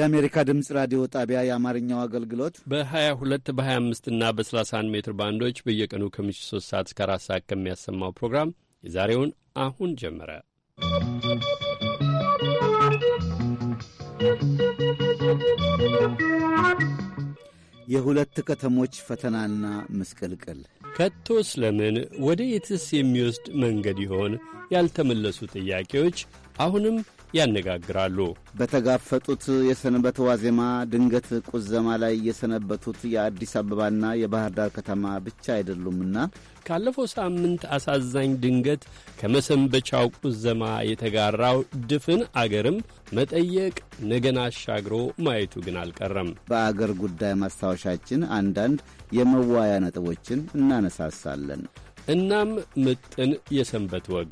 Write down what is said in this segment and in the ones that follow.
የአሜሪካ ድምፅ ራዲዮ ጣቢያ የአማርኛው አገልግሎት በ22 በ25 እና በ31 ሜትር ባንዶች በየቀኑ ከምሽቱ 3 ሰዓት እስከ 4 ሰዓት ከሚያሰማው ፕሮግራም የዛሬውን አሁን ጀመረ። የሁለት ከተሞች ፈተናና ምስቅልቅል ከቶስ ለምን ወደ የትስ የሚወስድ መንገድ ይሆን? ያልተመለሱ ጥያቄዎች አሁንም ያነጋግራሉ። በተጋፈጡት የሰንበት ዋዜማ ድንገት ቁዘማ ላይ የሰነበቱት የአዲስ አበባና የባህር ዳር ከተማ ብቻ አይደሉምና ካለፈው ሳምንት አሳዛኝ ድንገት ከመሰንበቻው ቁዘማ የተጋራው ድፍን አገርም መጠየቅ ነገን አሻግሮ ማየቱ ግን አልቀረም። በአገር ጉዳይ ማስታወሻችን አንዳንድ የመዋያ ነጥቦችን እናነሳሳለን። እናም ምጥን የሰንበት ወግ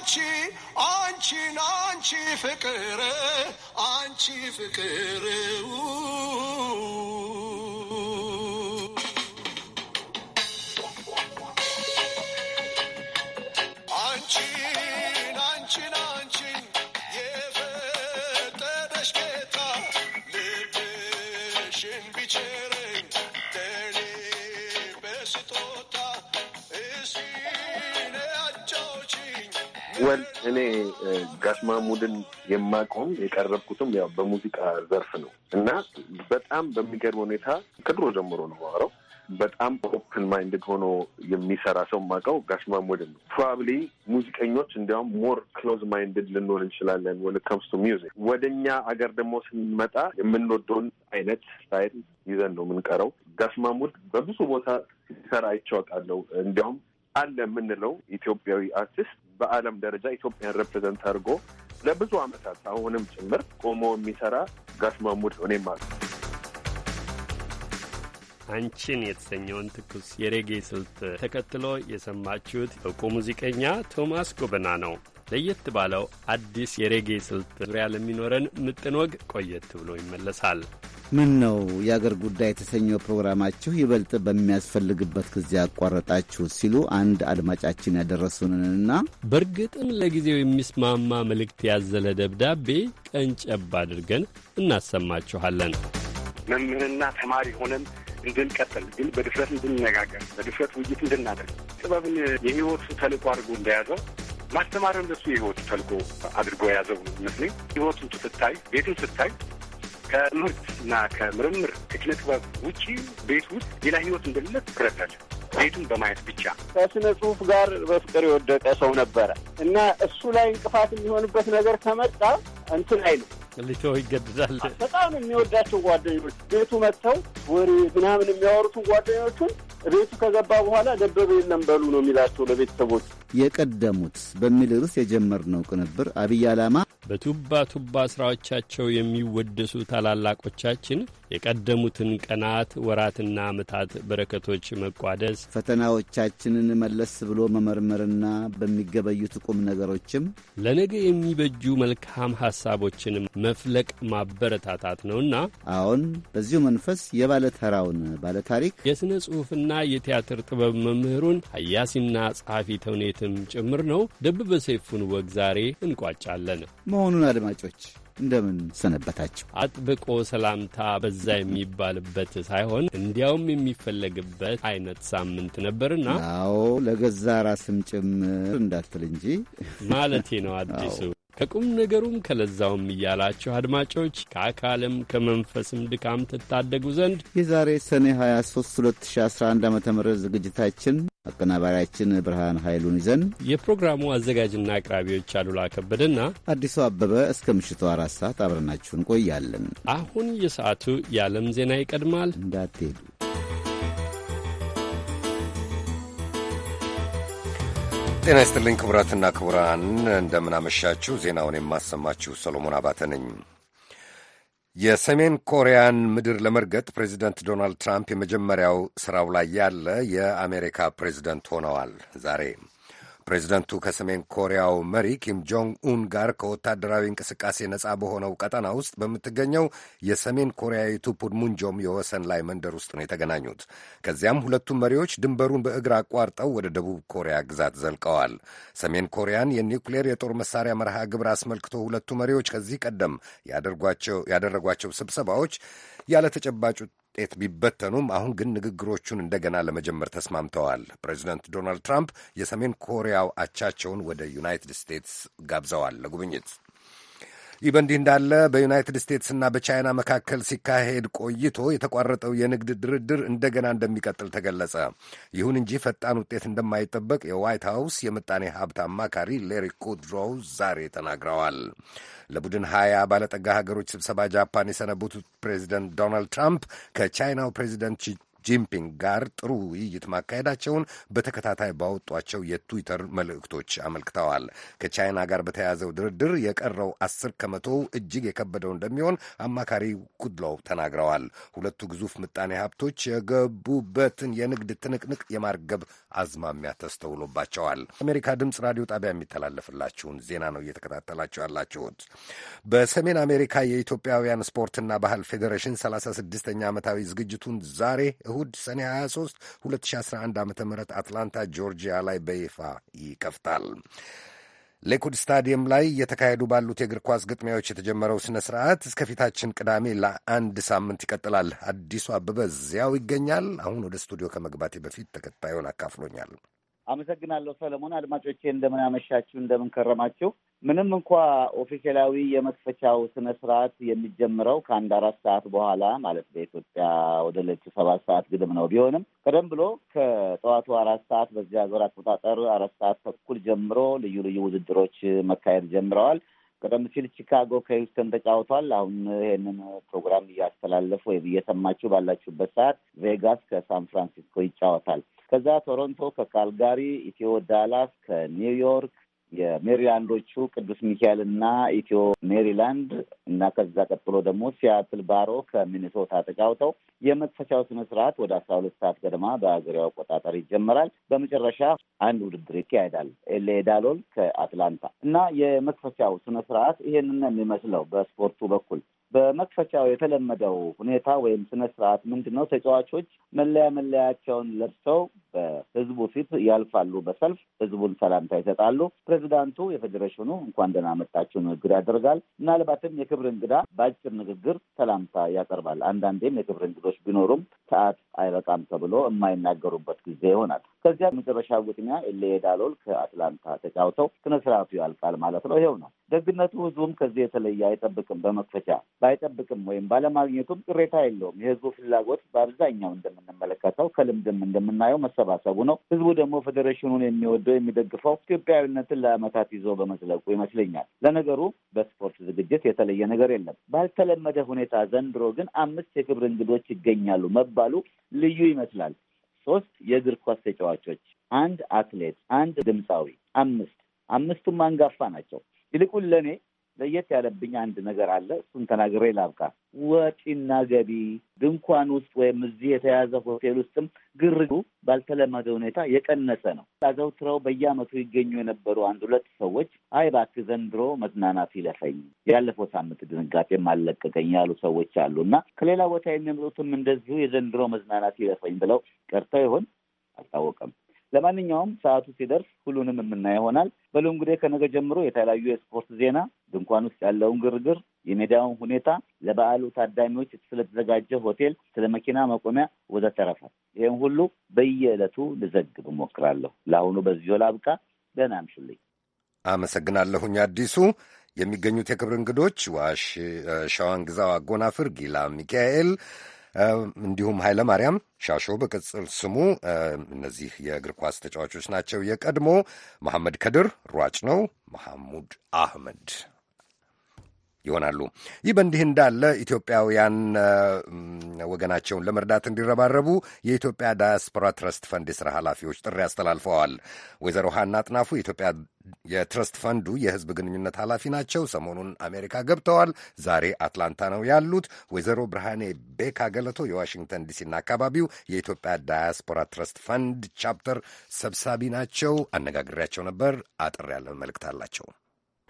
አንቺ አንቺን አንቺ ፍቅር አንቺ ፍቅር Shit. ወል እኔ ጋሽ ማሙድን የማቆም የቀረብኩትም ያው በሙዚቃ ዘርፍ ነው እና በጣም በሚገርም ሁኔታ ከድሮ ጀምሮ ነው ማረው በጣም ኦፕን ማይንድድ ሆኖ የሚሰራ ሰው ማቀው ጋሽ ማሙድን ነው። ፕሮባብሊ ሙዚቀኞች እንዲያውም ሞር ክሎዝ ማይንድድ ልንሆን እንችላለን ወን ከምስ ቱ ሚውዚክ። ወደ እኛ አገር ደግሞ ስንመጣ የምንወደውን አይነት ስታይል ይዘን ነው የምንቀረው። ጋሽ ማሙድ በብዙ ቦታ ሲሰራ አይቼዋለሁ። እንዲያውም አለ የምንለው ኢትዮጵያዊ አርቲስት በዓለም ደረጃ ኢትዮጵያን ሬፕሬዘንት አድርጎ ለብዙ ዓመታት አሁንም ጭምር ቆሞ የሚሰራ ጋሽ ማሙድ ማለት ነው። አንቺን የተሰኘውን ትኩስ የሬጌ ስልት ተከትሎ የሰማችሁት እውቁ ሙዚቀኛ ቶማስ ጎበና ነው። ለየት ባለው አዲስ የሬጌ ስልት ዙሪያ ለሚኖረን ምጥን ወግ ቆየት ብሎ ይመለሳል። ምን ነው የአገር ጉዳይ የተሰኘው ፕሮግራማችሁ ይበልጥ በሚያስፈልግበት ጊዜ ያቋረጣችሁ ሲሉ አንድ አድማጫችን ያደረሱንንና በእርግጥም ለጊዜው የሚስማማ መልእክት ያዘለ ደብዳቤ ቀንጨብ አድርገን እናሰማችኋለን። መምህርና ተማሪ ሆነን እንድንቀጥል ግን በድፍረት እንድንነጋገር፣ በድፍረት ውይይት እንድናደርግ ጥበብን የህይወቱ ተልእኮ አድርጎ እንደያዘው ማስተማርን እንደሱ የህይወቱ ተልእኮ አድርጎ የያዘው ይመስለኝ። ህይወቱን ስታይ ቤቱን ስታይ ከምርት እና ከምርምር ከኪነ ጥበብ ውጪ ቤት ውስጥ ሌላ ህይወት እንደሌለ ትረዳለህ። ቤቱን በማየት ብቻ ከስነ ጽሁፍ ጋር በፍቅር የወደቀ ሰው ነበረ እና እሱ ላይ እንቅፋት የሚሆንበት ነገር ከመጣ እንትን አይልም ሊተው ይገድዳል። በጣም የሚወዳቸው ጓደኞች ቤቱ መጥተው ወሬ ምናምን የሚያወሩትን ጓደኞቹን ቤቱ ከገባ በኋላ ደበበ የለም በሉ ነው የሚላቸው ለቤተሰቦች። የቀደሙት በሚል ርዕስ የጀመርነው ቅንብር አብይ ዓላማ በቱባ ቱባ ስራዎቻቸው የሚወደሱ ታላላቆቻችን የቀደሙትን ቀናት ወራትና ዓመታት በረከቶች መቋደስ፣ ፈተናዎቻችንን መለስ ብሎ መመርመርና በሚገበዩት ቁም ነገሮችም ለነገ የሚበጁ መልካም ሐሳቦችን መፍለቅ ማበረታታት ነውና አሁን በዚሁ መንፈስ የባለ ባለ ባለታሪክ የሥነ ጽሑፍና የቲያትር ጥበብ መምህሩን ሀያሲና ጸሐፊ ተውኔትም ጭምር ነው ደበበ ሰይፉን ወግ ዛሬ እንቋጫለን። መሆኑን አድማጮች እንደምን ሰነበታችሁ። አጥብቆ ሰላምታ በዛ የሚባልበት ሳይሆን እንዲያውም የሚፈለግበት አይነት ሳምንት ነበርና፣ አዎ ለገዛ ራስም ጭምር እንዳትል እንጂ ማለቴ ነው። አዲሱ ከቁም ነገሩም ከለዛውም እያላችሁ አድማጮች ከአካልም ከመንፈስም ድካም ትታደጉ ዘንድ የዛሬ ሰኔ 23 2011 ዓ ም ዝግጅታችን አቀናባሪያችን ብርሃን ኃይሉን ይዘን የፕሮግራሙ አዘጋጅና አቅራቢዎች አሉላ ከበደና አዲሱ አበበ እስከ ምሽቱ አራት ሰዓት አብረናችሁ እንቆያለን። አሁን የሰዓቱ የዓለም ዜና ይቀድማል። እንዳትሄዱ። ጤና ይስጥልኝ ክቡራትና ክቡራን፣ እንደምናመሻችሁ። ዜናውን የማሰማችሁ ሰሎሞን አባተ ነኝ። የሰሜን ኮሪያን ምድር ለመርገጥ ፕሬዚደንት ዶናልድ ትራምፕ የመጀመሪያው ሥራው ላይ ያለ የአሜሪካ ፕሬዚደንት ሆነዋል ዛሬ ፕሬዚደንቱ ከሰሜን ኮሪያው መሪ ኪም ጆንግ ኡን ጋር ከወታደራዊ እንቅስቃሴ ነጻ በሆነው ቀጠና ውስጥ በምትገኘው የሰሜን ኮሪያዊቱ ፑድሙንጆም የወሰን ላይ መንደር ውስጥ ነው የተገናኙት። ከዚያም ሁለቱም መሪዎች ድንበሩን በእግር አቋርጠው ወደ ደቡብ ኮሪያ ግዛት ዘልቀዋል። ሰሜን ኮሪያን የኒውክሌር የጦር መሳሪያ መርሃ ግብር አስመልክቶ ሁለቱ መሪዎች ከዚህ ቀደም ያደረጓቸው ስብሰባዎች ያለ ተጨባጭ ውጤት ቢበተኑም አሁን ግን ንግግሮቹን እንደገና ለመጀመር ተስማምተዋል። ፕሬዚደንት ዶናልድ ትራምፕ የሰሜን ኮሪያው አቻቸውን ወደ ዩናይትድ ስቴትስ ጋብዘዋል ለጉብኝት። ይህ በእንዲህ እንዳለ በዩናይትድ ስቴትስና በቻይና መካከል ሲካሄድ ቆይቶ የተቋረጠው የንግድ ድርድር እንደገና እንደሚቀጥል ተገለጸ። ይሁን እንጂ ፈጣን ውጤት እንደማይጠበቅ የዋይት ሀውስ የምጣኔ ሀብት አማካሪ ሌሪ ኩድሮው ዛሬ ተናግረዋል። ለቡድን ሀያ ባለጠጋ ሀገሮች ስብሰባ ጃፓን የሰነቡት ፕሬዚደንት ዶናልድ ትራምፕ ከቻይናው ፕሬዚደንት ጂንፒንግ ጋር ጥሩ ውይይት ማካሄዳቸውን በተከታታይ ባወጧቸው የትዊተር መልእክቶች አመልክተዋል። ከቻይና ጋር በተያያዘው ድርድር የቀረው አስር ከመቶው እጅግ የከበደው እንደሚሆን አማካሪ ኩድሎው ተናግረዋል። ሁለቱ ግዙፍ ምጣኔ ሀብቶች የገቡበትን የንግድ ትንቅንቅ የማርገብ አዝማሚያ ተስተውሎባቸዋል። አሜሪካ ድምፅ ራዲዮ ጣቢያ የሚተላለፍላችሁን ዜና ነው እየተከታተላችሁ ያላችሁት። በሰሜን አሜሪካ የኢትዮጵያውያን ስፖርትና ባህል ፌዴሬሽን 36ኛ ዓመታዊ ዝግጅቱን ዛሬ እሁድ ሰኔ 23 2011 ዓ ም አትላንታ ጆርጂያ ላይ በይፋ ይከፍታል። ሌኩድ ስታዲየም ላይ እየተካሄዱ ባሉት የእግር ኳስ ግጥሚያዎች የተጀመረው ስነ ስርዓት እስከ ፊታችን ቅዳሜ ለአንድ ሳምንት ይቀጥላል። አዲሱ አበበ እዚያው ይገኛል። አሁን ወደ ስቱዲዮ ከመግባቴ በፊት ተከታዩን አካፍሎኛል። አመሰግናለሁ ሰለሞን። አድማጮቼ እንደምን አመሻችሁ፣ እንደምን ከረማችሁ። ምንም እንኳ ኦፊሴላዊ የመክፈቻው ስነ ስርዓት የሚጀምረው ከአንድ አራት ሰዓት በኋላ ማለት በኢትዮጵያ ወደ ሌቱ ሰባት ሰዓት ግድም ነው። ቢሆንም ቀደም ብሎ ከጠዋቱ አራት ሰዓት በዚያ ሀገር አቆጣጠር አራት ሰዓት ተኩል ጀምሮ ልዩ ልዩ ውድድሮች መካሄድ ጀምረዋል። ቀደም ሲል ቺካጎ ከሂውስተን ተጫውቷል። አሁን ይሄንን ፕሮግራም እያስተላለፉ ወይም እየሰማችሁ ባላችሁበት ሰዓት ቬጋስ ከሳን ፍራንሲስኮ ይጫወታል። ከዛ ቶሮንቶ ከካልጋሪ፣ ኢትዮ ዳላስ ከኒውዮርክ የሜሪላንዶቹ ቅዱስ ሚካኤል እና ኢትዮ ሜሪላንድ እና ከዛ ቀጥሎ ደግሞ ሲያትል ባሮ ከሚኒሶታ ተጫውተው የመክፈቻው ስነ ስርዓት ወደ አስራ ሁለት ሰዓት ገደማ በአገሬው አቆጣጠር ይጀመራል። በመጨረሻ አንድ ውድድር ይካሄዳል። ኤሌ ከአትላንታ እና የመክፈቻው ስነ ስርዓት ይሄንን ነው የሚመስለው በስፖርቱ በኩል በመክፈቻው የተለመደው ሁኔታ ወይም ስነ ስርዓት ምንድን ነው? ተጫዋቾች መለያ መለያቸውን ለብሰው በህዝቡ ፊት ያልፋሉ። በሰልፍ ህዝቡን ሰላምታ ይሰጣሉ። ፕሬዚዳንቱ የፌዴሬሽኑ እንኳን ደህና መጣችሁ ንግግር ያደርጋል። ምናልባትም የክብር እንግዳ በአጭር ንግግር ሰላምታ ያቀርባል። አንዳንዴም የክብር እንግዶች ቢኖሩም ሰዓት አይበቃም ተብሎ የማይናገሩበት ጊዜ ይሆናል። ከዚያ መጨረሻ ጉጥኛ ኤሌዳሎል ከአትላንታ ተጫውተው ስነስርዓቱ ያልቃል ማለት ነው። ይሄው ነው ደግነቱ። ህዝቡም ከዚህ የተለየ አይጠብቅም። በመክፈቻ ባይጠብቅም ወይም ባለማግኘቱም ቅሬታ የለውም። የህዝቡ ፍላጎት በአብዛኛው እንደምንመለከተው ከልምድም እንደምናየው መሰ መሰባሰቡ ነው። ህዝቡ ደግሞ ፌዴሬሽኑን የሚወደው የሚደግፈው ኢትዮጵያዊነትን ለአመታት ይዞ በመዝለቁ ይመስለኛል። ለነገሩ በስፖርት ዝግጅት የተለየ ነገር የለም። ባልተለመደ ሁኔታ ዘንድሮ ግን አምስት የክብር እንግዶች ይገኛሉ መባሉ ልዩ ይመስላል። ሶስት የእግር ኳስ ተጫዋቾች፣ አንድ አትሌት፣ አንድ ድምፃዊ፣ አምስት አምስቱም አንጋፋ ናቸው። ይልቁን ለእኔ ለየት ያለብኝ አንድ ነገር አለ። እሱን ተናግሬ ላብቃ። ወጪና ገቢ ድንኳን ውስጥ ወይም እዚህ የተያዘ ሆቴል ውስጥም ግርግሩ ባልተለመደ ሁኔታ የቀነሰ ነው። አዘውትረው በየዓመቱ ይገኙ የነበሩ አንድ ሁለት ሰዎች አይ እባክህ ዘንድሮ መዝናናት ይለፈኝ፣ ያለፈው ሳምንት ድንጋጤ ማለቀቀኝ ያሉ ሰዎች አሉ እና ከሌላ ቦታ የሚመጡትም እንደዚሁ የዘንድሮ መዝናናት ይለፈኝ ብለው ቀርተው ይሆን አልታወቀም። ለማንኛውም ሰዓቱ ሲደርስ ሁሉንም የምናየው ይሆናል። በሉ እንግዲህ ከነገ ጀምሮ የተለያዩ የስፖርት ዜና፣ ድንኳን ውስጥ ያለውን ግርግር፣ የሜዳውን ሁኔታ፣ ለበዓሉ ታዳሚዎች ስለተዘጋጀ ሆቴል፣ ስለ መኪና መቆሚያ ወዘተረፈ ይህም ሁሉ በየዕለቱ ልዘግብ እሞክራለሁ። ለአሁኑ በዚሁ ላብቃ። ደህና አምሽልኝ። አመሰግናለሁኝ አዲሱ። የሚገኙት የክብር እንግዶች ዋሽ ሻዋን ግዛው አጎናፍር፣ ጊላ ሚካኤል እንዲሁም ኃይለ ማርያም ሻሾ በቅጽል ስሙ እነዚህ የእግር ኳስ ተጫዋቾች ናቸው። የቀድሞ መሐመድ ከድር ሯጭ ነው። መሐሙድ አህመድ ይሆናሉ። ይህ በእንዲህ እንዳለ ኢትዮጵያውያን ወገናቸውን ለመርዳት እንዲረባረቡ የኢትዮጵያ ዳያስፖራ ትረስት ፈንድ የሥራ ኃላፊዎች ጥሪ አስተላልፈዋል። ወይዘሮ ሀና አጥናፉ የኢትዮጵያ የትረስት ፈንዱ የሕዝብ ግንኙነት ኃላፊ ናቸው። ሰሞኑን አሜሪካ ገብተዋል። ዛሬ አትላንታ ነው ያሉት። ወይዘሮ ብርሃኔ ቤካ ገለቶ የዋሽንግተን ዲሲና አካባቢው የኢትዮጵያ ዳያስፖራ ትረስት ፈንድ ቻፕተር ሰብሳቢ ናቸው። አነጋግሬያቸው ነበር። አጠር ያለ መልእክት አላቸው።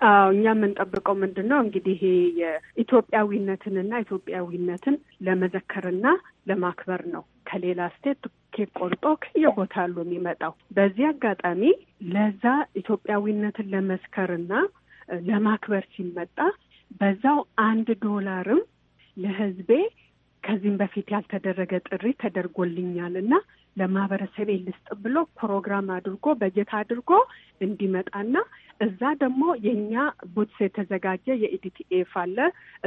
አዎ እኛ የምንጠብቀው ምንድን ነው እንግዲህ ይሄ የኢትዮጵያዊነትንና ኢትዮጵያዊነትን ለመዘከርና ለማክበር ነው። ከሌላ ስቴት ኬክ ቆርጦ ከየቦታ ያሉ የሚመጣው። በዚህ አጋጣሚ ለዛ ኢትዮጵያዊነትን ለመስከርና ለማክበር ሲመጣ በዛው አንድ ዶላርም ለህዝቤ ከዚህም በፊት ያልተደረገ ጥሪ ተደርጎልኛል እና ለማህበረሰብ ልስጥ ብሎ ፕሮግራም አድርጎ በጀት አድርጎ እንዲመጣና እዛ ደግሞ የኛ ቡትስ የተዘጋጀ የኢዲቲኤፍ አለ።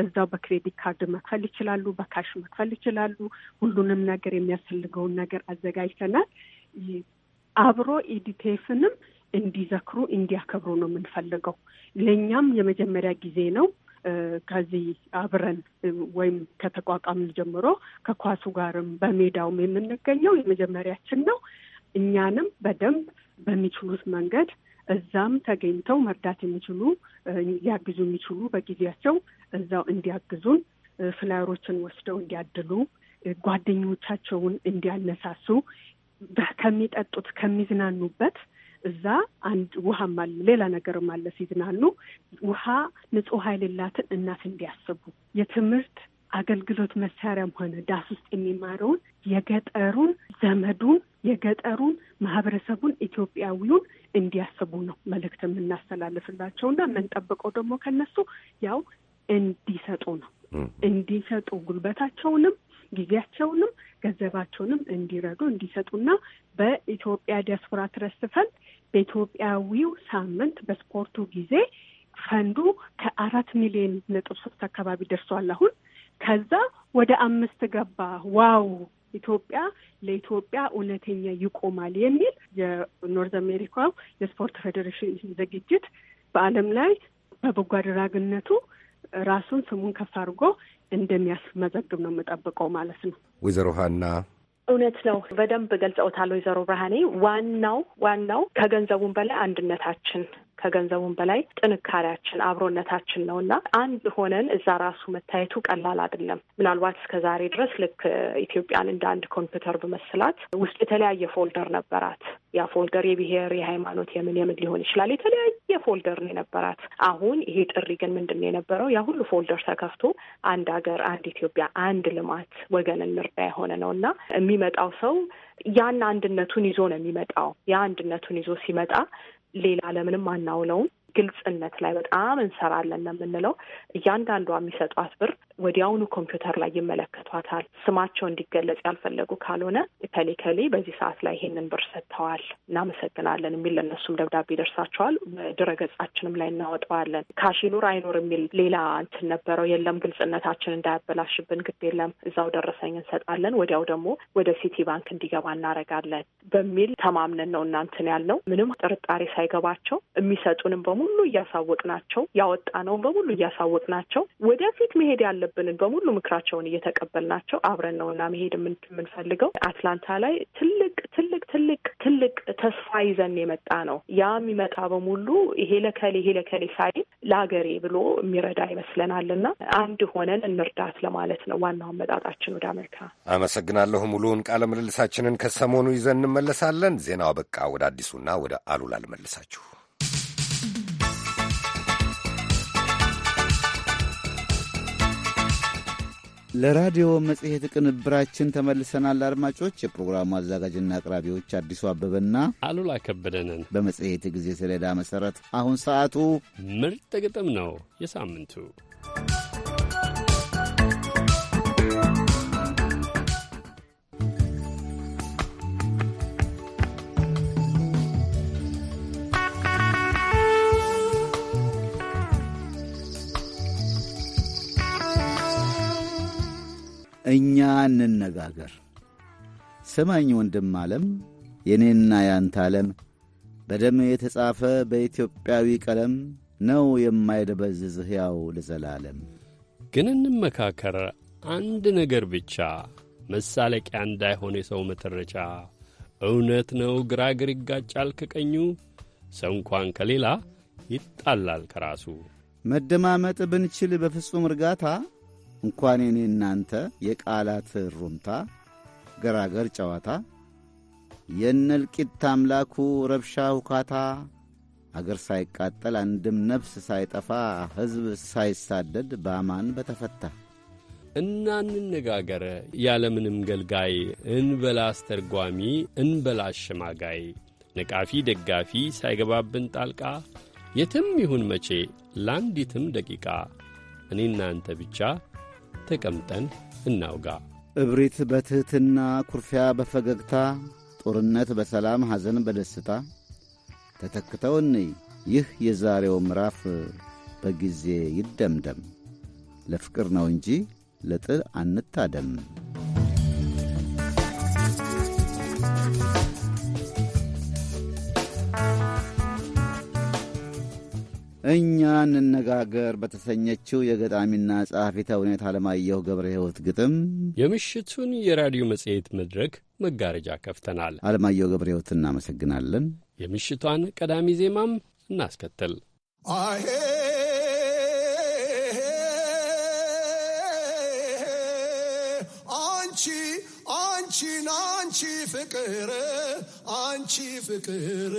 እዛው በክሬዲት ካርድ መክፈል ይችላሉ፣ በካሽ መክፈል ይችላሉ። ሁሉንም ነገር የሚያስፈልገውን ነገር አዘጋጅተናል። አብሮ ኢዲቲኤፍንም እንዲዘክሩ እንዲያከብሩ ነው የምንፈልገው። ለእኛም የመጀመሪያ ጊዜ ነው። ከዚህ አብረን ወይም ከተቋቋምን ጀምሮ ከኳሱ ጋርም በሜዳውም የምንገኘው የመጀመሪያችን ነው። እኛንም በደንብ በሚችሉት መንገድ እዛም ተገኝተው መርዳት የሚችሉ ሊያግዙ የሚችሉ በጊዜያቸው እዛው እንዲያግዙን ፍላየሮችን ወስደው እንዲያድሉ ጓደኞቻቸውን እንዲያነሳሱ ከሚጠጡት ከሚዝናኑበት እዛ አንድ ውሃም አለ ሌላ ነገርም አለ ሲዝናሉ ውሃ ንጹህ ኃይል የላትን እናት እንዲያስቡ የትምህርት አገልግሎት መሳሪያም ሆነ ዳስ ውስጥ የሚማረውን የገጠሩን ዘመዱን የገጠሩን ማህበረሰቡን ኢትዮጵያዊውን እንዲያስቡ ነው መልእክት የምናስተላልፍላቸው እና የምንጠብቀው ደግሞ ከነሱ ያው እንዲሰጡ ነው እንዲሰጡ ጉልበታቸውንም ጊዜያቸውንም ገንዘባቸውንም እንዲረዱ እንዲሰጡና በኢትዮጵያ ዲያስፖራ ትረስት ፈንድ በኢትዮጵያዊው ሳምንት በስፖርቱ ጊዜ ፈንዱ ከአራት ሚሊዮን ነጥብ ሶስት አካባቢ ደርሷል። አሁን ከዛ ወደ አምስት ገባ። ዋው ኢትዮጵያ ለኢትዮጵያ እውነተኛ ይቆማል የሚል የኖርዝ አሜሪካው የስፖርት ፌዴሬሽን ዝግጅት በዓለም ላይ በበጎ አድራግነቱ ራሱን ስሙን ከፍ አድርጎ እንደሚያስመዘግብ ነው የምጠብቀው ማለት ነው። ወይዘሮ ሀና እውነት ነው። በደንብ ገልጸውታል ወይዘሮ ብርሃኔ። ዋናው ዋናው ከገንዘቡም በላይ አንድነታችን ከገንዘቡም በላይ ጥንካሬያችን አብሮነታችን ነው እና አንድ ሆነን እዛ ራሱ መታየቱ ቀላል አይደለም። ምናልባት እስከ ዛሬ ድረስ ልክ ኢትዮጵያን እንደ አንድ ኮምፒውተር በመስላት ውስጥ የተለያየ ፎልደር ነበራት። ያ ፎልደር የብሔር፣ የሃይማኖት፣ የምን የምን ሊሆን ይችላል። የተለያየ ፎልደር ነው የነበራት። አሁን ይሄ ጥሪ ግን ምንድን ነው የነበረው? ያ ሁሉ ፎልደር ተከፍቶ አንድ ሀገር፣ አንድ ኢትዮጵያ፣ አንድ ልማት፣ ወገን እንርዳ የሆነ ነው እና የሚመጣው ሰው ያን አንድነቱን ይዞ ነው የሚመጣው። ያ አንድነቱን ይዞ ሲመጣ ሌላ ለምንም አናውለውም። ግልጽነት ላይ በጣም እንሰራለን ነው የምንለው። እያንዳንዷ የሚሰጧት ብር ወዲያውኑ ኮምፒውተር ላይ ይመለከቷታል። ስማቸው እንዲገለጽ ያልፈለጉ ካልሆነ ከሌ ከሌ በዚህ ሰዓት ላይ ይሄንን ብር ሰጥተዋል፣ እናመሰግናለን የሚል ለእነሱም ደብዳቤ ደርሳቸዋል ድረገጻችንም ላይ እናወጣዋለን። ካሽ ይኑር አይኑር የሚል ሌላ እንትን ነበረው የለም። ግልጽነታችን እንዳያበላሽብን ግድ የለም እዛው ደረሰኝ እንሰጣለን፣ ወዲያው ደግሞ ወደ ሲቲ ባንክ እንዲገባ እናደርጋለን በሚል ተማምነን ነው እናንትን ያልነው። ምንም ጥርጣሬ ሳይገባቸው የሚሰጡንም በሙ በሙሉ እያሳወቅናቸው ያወጣነውን በሙሉ እያሳወቅናቸው ወደፊት መሄድ ያለብንን በሙሉ ምክራቸውን እየተቀበልናቸው አብረን እና መሄድ የምንፈልገው። አትላንታ ላይ ትልቅ ትልቅ ትልቅ ትልቅ ተስፋ ይዘን የመጣ ነው። ያ የሚመጣ በሙሉ ይሄ ለከሌ ይሄ ለከሌ ሳይ ለሀገሬ ብሎ የሚረዳ ይመስለናል። እና አንድ ሆነን እንርዳት ለማለት ነው ዋናው አመጣጣችን ወደ አሜሪካ። አመሰግናለሁ። ሙሉውን ቃለ ምልልሳችንን ከሰሞኑ ይዘን እንመለሳለን። ዜናው በቃ ወደ አዲሱና ወደ አሉላ ልመልሳችሁ። ለራዲዮ መጽሔት ቅንብራችን ተመልሰናል። አድማጮች፣ የፕሮግራሙ አዘጋጅና አቅራቢዎች አዲሱ አበበና አሉላ ከበደንን በመጽሔት ጊዜ ሰሌዳ መሠረት አሁን ሰዓቱ ምርጥ ግጥም ነው። የሳምንቱ እኛ እንነጋገር። ስማኝ ወንድም ዓለም፣ የእኔና ያንተ ዓለም በደም የተጻፈ በኢትዮጵያዊ ቀለም ነው የማይደበዝዝ ሕያው ለዘላለም። ግን እንመካከር አንድ ነገር ብቻ መሳለቂያ እንዳይሆን የሰው መተረቻ። እውነት ነው ግራግር ይጋጫል ከቀኙ ሰው እንኳን ከሌላ ይጣላል ከራሱ። መደማመጥ ብንችል በፍጹም እርጋታ እንኳን እኔ እናንተ የቃላት ሩምታ ገራገር ጨዋታ የነልቂት አምላኩ ረብሻ ውካታ አገር ሳይቃጠል አንድም ነፍስ ሳይጠፋ ሕዝብ ሳይሳደድ በአማን በተፈታ እናንነጋገረ ያለምንም ገልጋይ እንበላ አስተርጓሚ እንበላ አሸማጋይ ነቃፊ ደጋፊ ሳይገባብን ጣልቃ የትም ይሁን መቼ ለአንዲትም ደቂቃ እኔ እናንተ ብቻ ተቀምጠን እናውጋ። እብሪት በትሕትና ኩርፊያ በፈገግታ ጦርነት በሰላም ሐዘን በደስታ ተተክተው እንይ። ይህ የዛሬው ምዕራፍ በጊዜ ይደምደም። ለፍቅር ነው እንጂ ለጥል አንታደም። እኛ እንነጋገር በተሰኘችው የገጣሚና ጸሐፊ ተውኔት አለማየሁ ገብረ ሕይወት ግጥም የምሽቱን የራዲዮ መጽሔት መድረክ መጋረጃ ከፍተናል። አለማየሁ ገብረ ሕይወት እናመሰግናለን። የምሽቷን ቀዳሚ ዜማም እናስከትል። አሄ አንቺ አንቺ ፍቅር አንቺ ፍቅር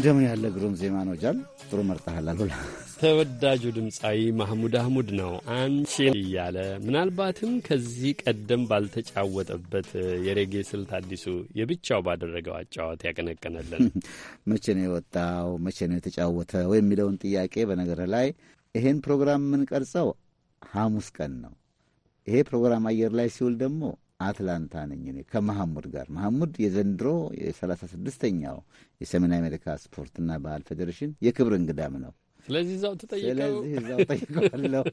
እንደምን ያለ ግሩም ዜማ ነው ጃል፣ ጥሩ መርጠሃል አሉላ። ተወዳጁ ድምፃዊ ማህሙድ አህሙድ ነው አንቺ እያለ ምናልባትም ከዚህ ቀደም ባልተጫወጠበት የሬጌ ስልት አዲሱ የብቻው ባደረገው አጫዋት ያቀነቀነልን መቼ ነው የወጣው መቼ ነው የተጫወተው የሚለውን ጥያቄ በነገር ላይ ይሄን ፕሮግራም የምንቀርጸው ሐሙስ ቀን ነው። ይሄ ፕሮግራም አየር ላይ ሲውል ደግሞ አትላንታ ነኝ እኔ ከመሐሙድ ጋር። መሐሙድ የዘንድሮ የሰላሳ ስድስተኛው የሰሜን አሜሪካ ስፖርትና ባህል ፌዴሬሽን የክብር እንግዳም ነው። ስለዚህ እዛው ተጠይቀው እዛው ጠይቀዋለሁ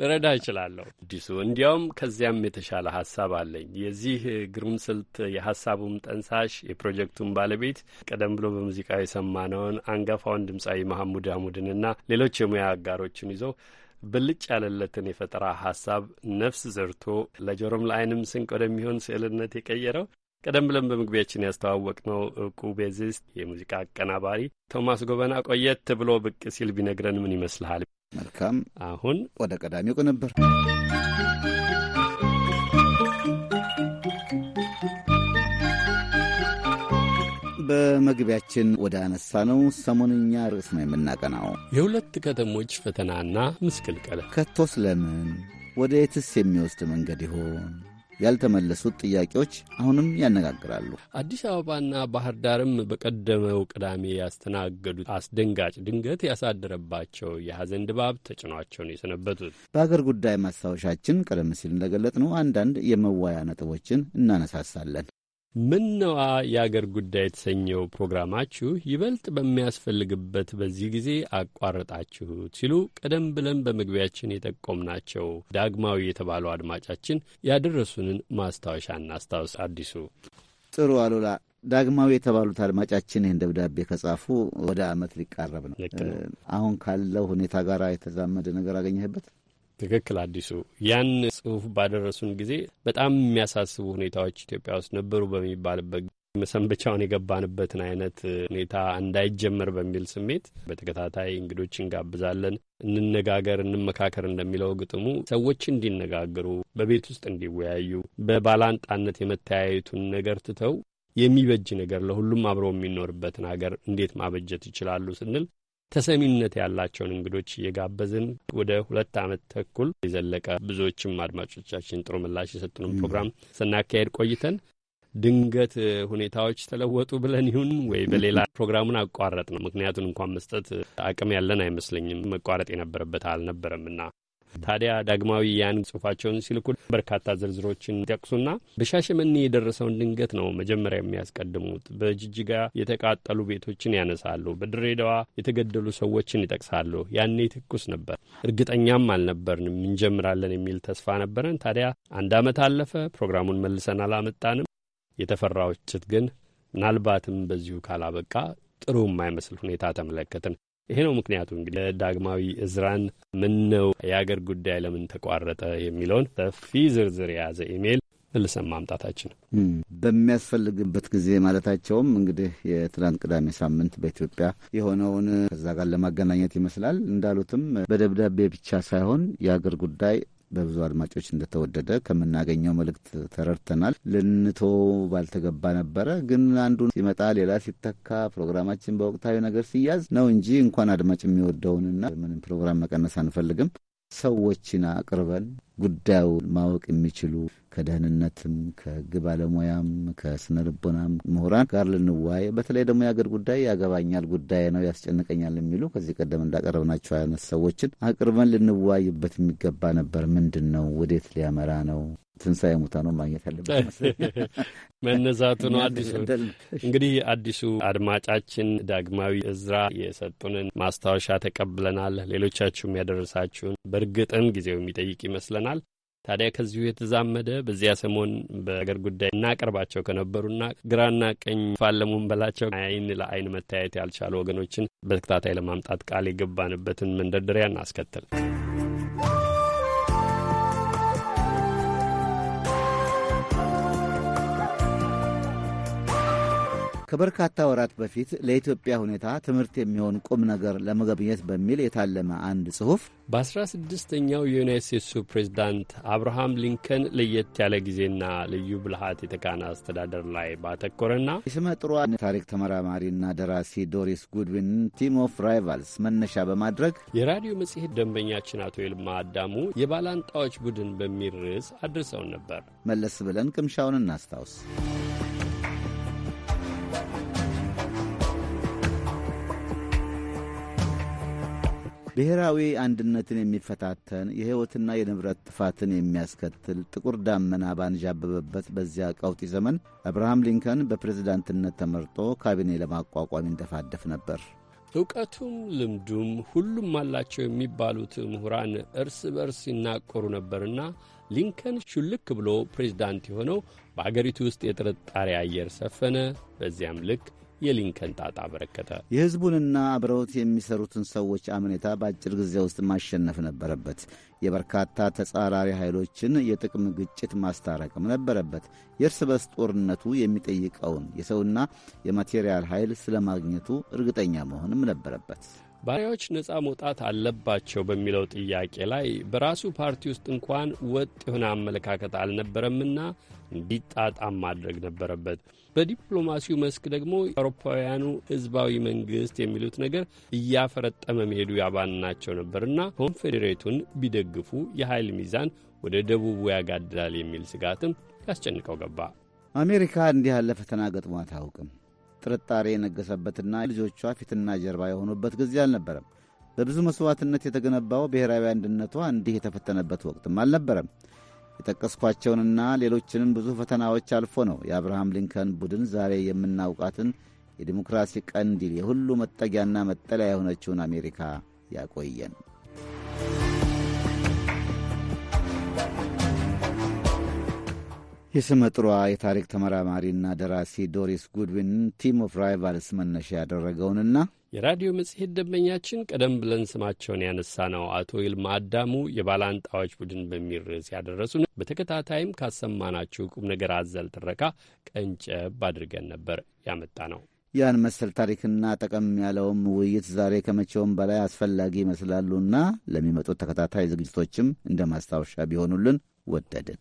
ልረዳ እችላለሁ። አዲሱ እንዲያውም ከዚያም የተሻለ ሀሳብ አለኝ። የዚህ ግሩም ስልት የሀሳቡም ጠንሳሽ የፕሮጀክቱን ባለቤት ቀደም ብሎ በሙዚቃ የሰማነውን አንጋፋውን ድምፃዊ መሐሙድ አህሙድንና ሌሎች የሙያ አጋሮችን ይዞ ብልጭ ያለለትን የፈጠራ ሀሳብ ነፍስ ዘርቶ ለጆሮም ለአይንም ስንቅ ወደሚሆን ስዕልነት የቀየረው ቀደም ብለን በመግቢያችን ነው እውቁ ቤዚስት የሙዚቃ አቀናባሪ ቶማስ ጎበና ቆየት ብሎ ብቅ ሲል ቢነግረን ምን ይመስልሃል? መልካም፣ አሁን ወደ ቀዳሚው ቅንብር በመግቢያችን ወደ አነሳ ነው ሰሞንኛ ርዕስ ነው የምናቀናው የሁለት ከተሞች ፈተናና ምስቅልቅል። ከቶስ ለምን ወደ የትስ የሚወስድ መንገድ ይሆን? ያልተመለሱት ጥያቄዎች አሁንም ያነጋግራሉ። አዲስ አበባና ባህር ዳርም በቀደመው ቅዳሜ ያስተናገዱት አስደንጋጭ ድንገት ያሳደረባቸው የሐዘን ድባብ ተጭኗቸው ነው የሰነበቱት። በአገር ጉዳይ ማስታወሻችን ቀደም ሲል እንደገለጽ ነው አንዳንድ የመዋያ ነጥቦችን እናነሳሳለን። ነዋ የአገር ጉዳይ የተሰኘው ፕሮግራማችሁ ይበልጥ በሚያስፈልግበት በዚህ ጊዜ አቋረጣችሁት ሲሉ ቀደም ብለን በመግቢያችን የጠቆምናቸው ዳግማዊ የተባሉ አድማጫችን ያደረሱንን ማስታወሻ እናስታውስ። አዲሱ ጥሩ አሉላ ዳግማዊ የተባሉት አድማጫችን ይህን ደብዳቤ ከጻፉ ወደ ዓመት ሊቃረብ ነው። አሁን ካለው ሁኔታ ጋር የተዛመደ ነገር አገኘህበት? ትክክል። አዲሱ ያን ጽሁፍ ባደረሱን ጊዜ በጣም የሚያሳስቡ ሁኔታዎች ኢትዮጵያ ውስጥ ነበሩ በሚባልበት መሰንበቻውን የገባንበትን አይነት ሁኔታ እንዳይጀመር በሚል ስሜት በተከታታይ እንግዶች እንጋብዛለን። እንነጋገር፣ እንመካከር እንደሚለው ግጥሙ ሰዎች እንዲነጋገሩ፣ በቤት ውስጥ እንዲወያዩ፣ በባላንጣነት የመተያየቱን ነገር ትተው የሚበጅ ነገር ለሁሉም አብረው የሚኖርበትን ሀገር እንዴት ማበጀት ይችላሉ ስንል ተሰሚነት ያላቸውን እንግዶች እየጋበዝን ወደ ሁለት ዓመት ተኩል የዘለቀ ብዙዎችም አድማጮቻችን ጥሩ ምላሽ የሰጡንም ፕሮግራም ስናካሄድ ቆይተን ድንገት ሁኔታዎች ተለወጡ ብለን ይሁን ወይ በሌላ ፕሮግራሙን አቋረጥ ነው። ምክንያቱን እንኳን መስጠት አቅም ያለን አይመስለኝም። መቋረጥ የነበረበት እና ታዲያ ዳግማዊ ያን ጽሁፋቸውን ሲልኩ በርካታ ዝርዝሮችን ጠቅሱና በሻሸመኔ የደረሰውን ድንገት ነው መጀመሪያ የሚያስቀድሙት። በጅጅጋ የተቃጠሉ ቤቶችን ያነሳሉ። በድሬዳዋ የተገደሉ ሰዎችን ይጠቅሳሉ። ያኔ ትኩስ ነበር፣ እርግጠኛም አልነበርንም። እንጀምራለን የሚል ተስፋ ነበረን። ታዲያ አንድ ዓመት አለፈ። ፕሮግራሙን መልሰን አላመጣንም። የተፈራዎችት ግን ምናልባትም በዚሁ ካላበቃ ጥሩ የማይመስል ሁኔታ ተመለከትን። ይሄ ነው ምክንያቱ። እንግዲህ ለዳግማዊ እዝራን ምን ነው የአገር ጉዳይ ለምን ተቋረጠ የሚለውን ሰፊ ዝርዝር የያዘ ኢሜይል መልሰን ማምጣታችን በሚያስፈልግበት ጊዜ ማለታቸውም እንግዲህ የትናንት ቅዳሜ ሳምንት በኢትዮጵያ የሆነውን ከዛ ጋር ለማገናኘት ይመስላል። እንዳሉትም በደብዳቤ ብቻ ሳይሆን የአገር ጉዳይ በብዙ አድማጮች እንደተወደደ ከምናገኘው መልእክት ተረድተናል። ልንቶ ባልተገባ ነበረ፣ ግን አንዱ ሲመጣ ሌላ ሲተካ ፕሮግራማችን በወቅታዊ ነገር ሲያዝ ነው እንጂ እንኳን አድማጭ የሚወደውንና ምንም ፕሮግራም መቀነስ አንፈልግም። ሰዎችን አቅርበን ጉዳዩን ማወቅ የሚችሉ ከደህንነትም ከህግ ባለሙያም ከስነ ልቦናም ምሁራን ጋር ልንወያይ፣ በተለይ ደግሞ የአገር ጉዳይ ያገባኛል ጉዳይ ነው ያስጨንቀኛል የሚሉ ከዚህ ቀደም እንዳቀረብናቸው አይነት ሰዎችን አቅርበን ልንወያይበት የሚገባ ነበር። ምንድን ነው ወዴት ሊያመራ ነው ትንሣኤ ነው ማግኘት ያለበት መነዛቱ ነው። አዲሱ እንግዲህ አዲሱ አድማጫችን ዳግማዊ እዝራ የሰጡንን ማስታወሻ ተቀብለናል። ሌሎቻችሁም ያደረሳችሁን በእርግጥም ጊዜው የሚጠይቅ ይመስለናል። ታዲያ ከዚሁ የተዛመደ በዚያ ሰሞን በአገር ጉዳይ እናቀርባቸው ከነበሩና ግራና ቀኝ ፋለሙን በላቸው አይን ለአይን መታየት ያልቻሉ ወገኖችን በተከታታይ ለማምጣት ቃል የገባንበትን መንደርደሪያ እናስከትል። ከበርካታ ወራት በፊት ለኢትዮጵያ ሁኔታ ትምህርት የሚሆን ቁም ነገር ለመገብኘት በሚል የታለመ አንድ ጽሑፍ በአስራ ስድስተኛው የዩናይት ስቴትሱ ፕሬዚዳንት አብርሃም ሊንከን ለየት ያለ ጊዜና ልዩ ብልሃት የተካነ አስተዳደር ላይ ባተኮረና የስመ ታሪክ ተመራማሪና ደራሲ ዶሪስ ጉድዊን ቲም ኦፍ ራይቫልስ መነሻ በማድረግ የራዲዮ መጽሔት ደንበኛችን አቶ ይልማ አዳሙ የባላንጣዎች ቡድን በሚል ርዕስ አድርሰውን ነበር። መለስ ብለን ቅምሻውን እናስታውስ። ብሔራዊ አንድነትን የሚፈታተን የሕይወትና የንብረት ጥፋትን የሚያስከትል ጥቁር ዳመና ባንዣበበበት በዚያ ቀውጢ ዘመን አብርሃም ሊንከን በፕሬዝዳንትነት ተመርጦ ካቢኔ ለማቋቋም ይንደፋደፍ ነበር። እውቀቱም ልምዱም ሁሉም አላቸው የሚባሉት ምሁራን እርስ በርስ ይናቆሩ ነበርና ሊንከን ሹልክ ብሎ ፕሬዝዳንት የሆነው በአገሪቱ ውስጥ የጥርጣሬ አየር ሰፈነ። በዚያም ልክ የሊንከን ጣጣ በረከተ። የህዝቡንና አብረውት የሚሰሩትን ሰዎች አምኔታ በአጭር ጊዜ ውስጥ ማሸነፍ ነበረበት። የበርካታ ተጻራሪ ኃይሎችን የጥቅም ግጭት ማስታረቅም ነበረበት። የእርስ በርስ ጦርነቱ የሚጠይቀውን የሰውና የማቴሪያል ኃይል ስለማግኘቱ እርግጠኛ መሆንም ነበረበት። ባሪያዎች ነጻ መውጣት አለባቸው በሚለው ጥያቄ ላይ በራሱ ፓርቲ ውስጥ እንኳን ወጥ የሆነ አመለካከት አልነበረምና እንዲጣጣም ማድረግ ነበረበት። በዲፕሎማሲው መስክ ደግሞ አውሮፓውያኑ ህዝባዊ መንግስት የሚሉት ነገር እያፈረጠመ መሄዱ ያባናቸው ነበርና ኮንፌዴሬቱን ቢደግፉ የኃይል ሚዛን ወደ ደቡቡ ያጋድላል የሚል ስጋትም ያስጨንቀው ገባ። አሜሪካ እንዲህ ያለ ፈተና ገጥሟት አያውቅም። ጥርጣሬ የነገሰበትና ልጆቿ ፊትና ጀርባ የሆኑበት ጊዜ አልነበረም። በብዙ መስዋዕትነት የተገነባው ብሔራዊ አንድነቷ እንዲህ የተፈተነበት ወቅትም አልነበረም። የጠቀስኳቸውንና ሌሎችንም ብዙ ፈተናዎች አልፎ ነው የአብርሃም ሊንከን ቡድን ዛሬ የምናውቃትን የዲሞክራሲ ቀንዲል የሁሉ መጠጊያና መጠለያ የሆነችውን አሜሪካ ያቆየን። የስመጥሯ የታሪክ ተመራማሪና ደራሲ ዶሪስ ጉድዊን ቲም ኦፍ ራይቫልስ መነሻ ያደረገውንና የራዲዮ መጽሔት ደንበኛችን ቀደም ብለን ስማቸውን ያነሳ ነው አቶ ይልማ አዳሙ የባላንጣዎች ቡድን በሚል ርዕስ ያደረሱን፣ በተከታታይም ካሰማናችሁ ቁም ነገር አዘል ትረካ ቀንጨብ አድርገን ነበር ያመጣ ነው። ያን መሰል ታሪክና ጠቀም ያለውም ውይይት ዛሬ ከመቼውም በላይ አስፈላጊ ይመስላሉና ለሚመጡት ተከታታይ ዝግጅቶችም እንደ ማስታወሻ ቢሆኑልን ወደድን።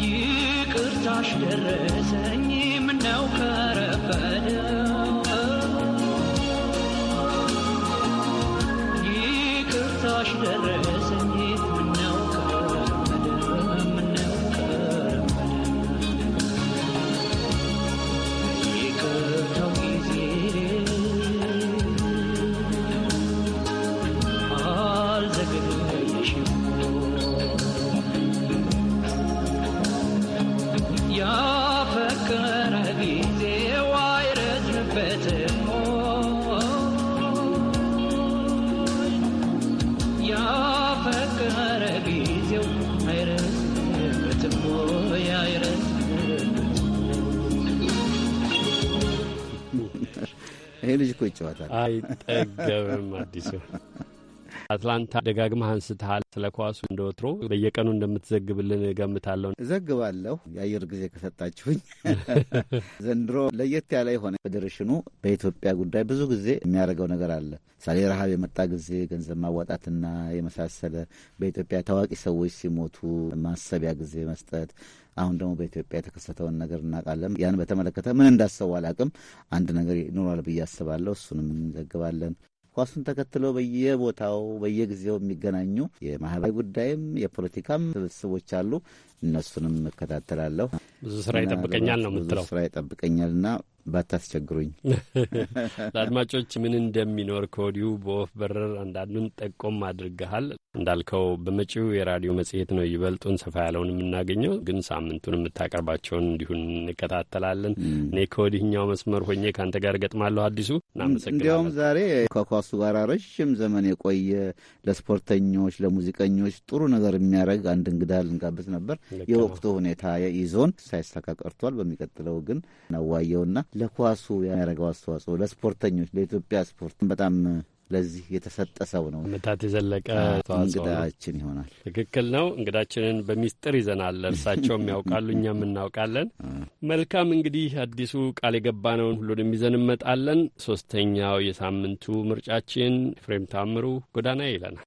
ይቅርታሽ ደረሰኝ ምነው ከረፈደ አይጠገብም አዲሱ አትላንታ ደጋግመህ አንስተሃል። ስለ ኳሱ እንደ ወትሮ በየቀኑ እንደምትዘግብልን ገምታለሁ። እዘግባለሁ የአየር ጊዜ ከሰጣችሁኝ። ዘንድሮ ለየት ያለ የሆነ ፌዴሬሽኑ በኢትዮጵያ ጉዳይ ብዙ ጊዜ የሚያደርገው ነገር አለ። ምሳሌ ረሃብ የመጣ ጊዜ ገንዘብ ማዋጣትና የመሳሰለ በኢትዮጵያ ታዋቂ ሰዎች ሲሞቱ ማሰቢያ ጊዜ መስጠት አሁን ደግሞ በኢትዮጵያ የተከሰተውን ነገር እናውቃለን። ያን በተመለከተ ምን እንዳሰቡ አላውቅም። አንድ ነገር ይኖራል ብዬ አስባለሁ። እሱንም እንዘግባለን። ኳሱን ተከትሎ በየቦታው በየጊዜው የሚገናኙ የማህበራዊ ጉዳይም የፖለቲካም ስብስቦች አሉ። እነሱንም እከታተላለሁ። ብዙ ስራ ይጠብቀኛል ነው የምትለው? ስራ ይጠብቀኛል እና ባታስቸግሩኝ። ለአድማጮች ምን እንደሚኖር ከወዲሁ በወፍ በረር አንዳንዱን ጠቆም አድርገሃል። እንዳልከው በመጪው የራዲዮ መጽሔት ነው ይበልጡን ሰፋ ያለውን የምናገኘው፣ ግን ሳምንቱን የምታቀርባቸውን እንዲሁን እንከታተላለን። እኔ ከወዲህኛው መስመር ሆኜ ከአንተ ጋር ገጥማለሁ። አዲሱ እናመሰግናለን። እንዲያውም ዛሬ ከኳሱ ጋር ረዥም ዘመን የቆየ ለስፖርተኞች፣ ለሙዚቀኞች ጥሩ ነገር የሚያደርግ አንድ እንግዳ ልንጋብዝ ነበር። የወቅቱ ሁኔታ ይዞን ሳይሳካ ቀርቷል። በሚቀጥለው ግን ነዋየውና ለኳሱ ያደረገው አስተዋጽኦ ለስፖርተኞች፣ ለኢትዮጵያ ስፖርት በጣም ለዚህ የተሰጠ ሰው ነው። ምታት የዘለቀ እንግዳችን ይሆናል። ትክክል ነው። እንግዳችንን በሚስጥር ይዘናል። እርሳቸውም ያውቃሉ፣ እኛም እናውቃለን። መልካም እንግዲህ አዲሱ ቃል የገባነውን ሁሉንም ይዘን እንመጣለን። ሶስተኛው የሳምንቱ ምርጫችን ፍሬም ታምሩ ጎዳና ይለናል።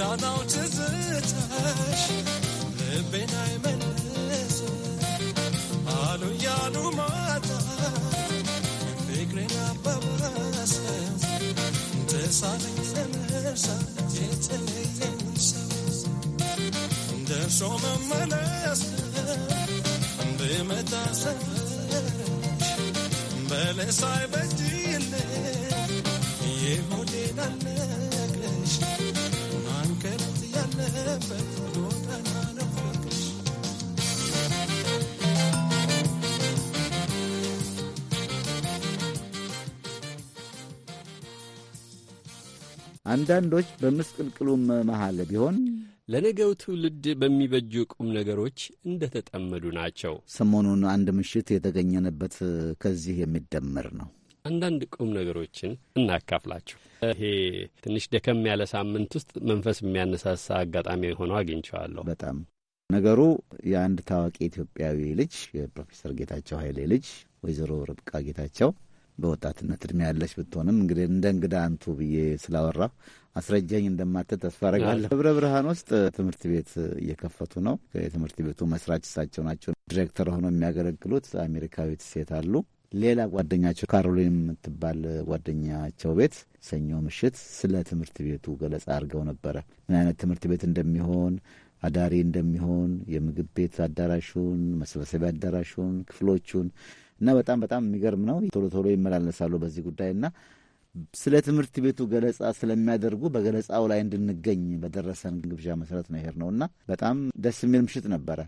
የጎዳናው ትዝታሽ ልቤን አይመልስም አሉ ያሉ ማታ ፍቅሬን አባባሰ ተሳለኝ ለመርሳት የተለየን ሰው ደርሶ መመለስ እንድመጣ በለሳይ በጅል የሆዴናለ አንዳንዶች በምስቅልቅሉም መሃል ቢሆን ለነገው ትውልድ በሚበጁ ቁም ነገሮች እንደተጠመዱ ናቸው። ሰሞኑን አንድ ምሽት የተገኘንበት ከዚህ የሚደመር ነው። አንዳንድ ቁም ነገሮችን እናካፍላችሁ። ይሄ ትንሽ ደከም ያለ ሳምንት ውስጥ መንፈስ የሚያነሳሳ አጋጣሚ ሆኖ አግኝቸዋለሁ። በጣም ነገሩ የአንድ ታዋቂ ኢትዮጵያዊ ልጅ የፕሮፌሰር ጌታቸው ኃይሌ ልጅ ወይዘሮ ርብቃ ጌታቸው በወጣትነት እድሜ ያለች ብትሆንም እንግዲህ እንደ እንግዳ አንቱ ብዬ ስላወራ አስረጃኝ እንደማተ ተስፋ አረጋለሁ። ደብረ ብርሃን ውስጥ ትምህርት ቤት እየከፈቱ ነው። የትምህርት ቤቱ መስራች እሳቸው ናቸው። ዲሬክተር ሆኖ የሚያገለግሉት አሜሪካዊት ሴት አሉ። ሌላ ጓደኛቸው ካሮሊን የምትባል ጓደኛቸው ቤት ሰኞ ምሽት ስለ ትምህርት ቤቱ ገለጻ አድርገው ነበረ። ምን አይነት ትምህርት ቤት እንደሚሆን፣ አዳሪ እንደሚሆን፣ የምግብ ቤት አዳራሹን፣ መሰብሰቢያ አዳራሹን፣ ክፍሎቹን እና በጣም በጣም የሚገርም ነው። ቶሎ ቶሎ ይመላለሳሉ በዚህ ጉዳይ እና ስለ ትምህርት ቤቱ ገለጻ ስለሚያደርጉ በገለጻው ላይ እንድንገኝ በደረሰን ግብዣ መሰረት ነው ነው እና በጣም ደስ የሚል ምሽት ነበረ።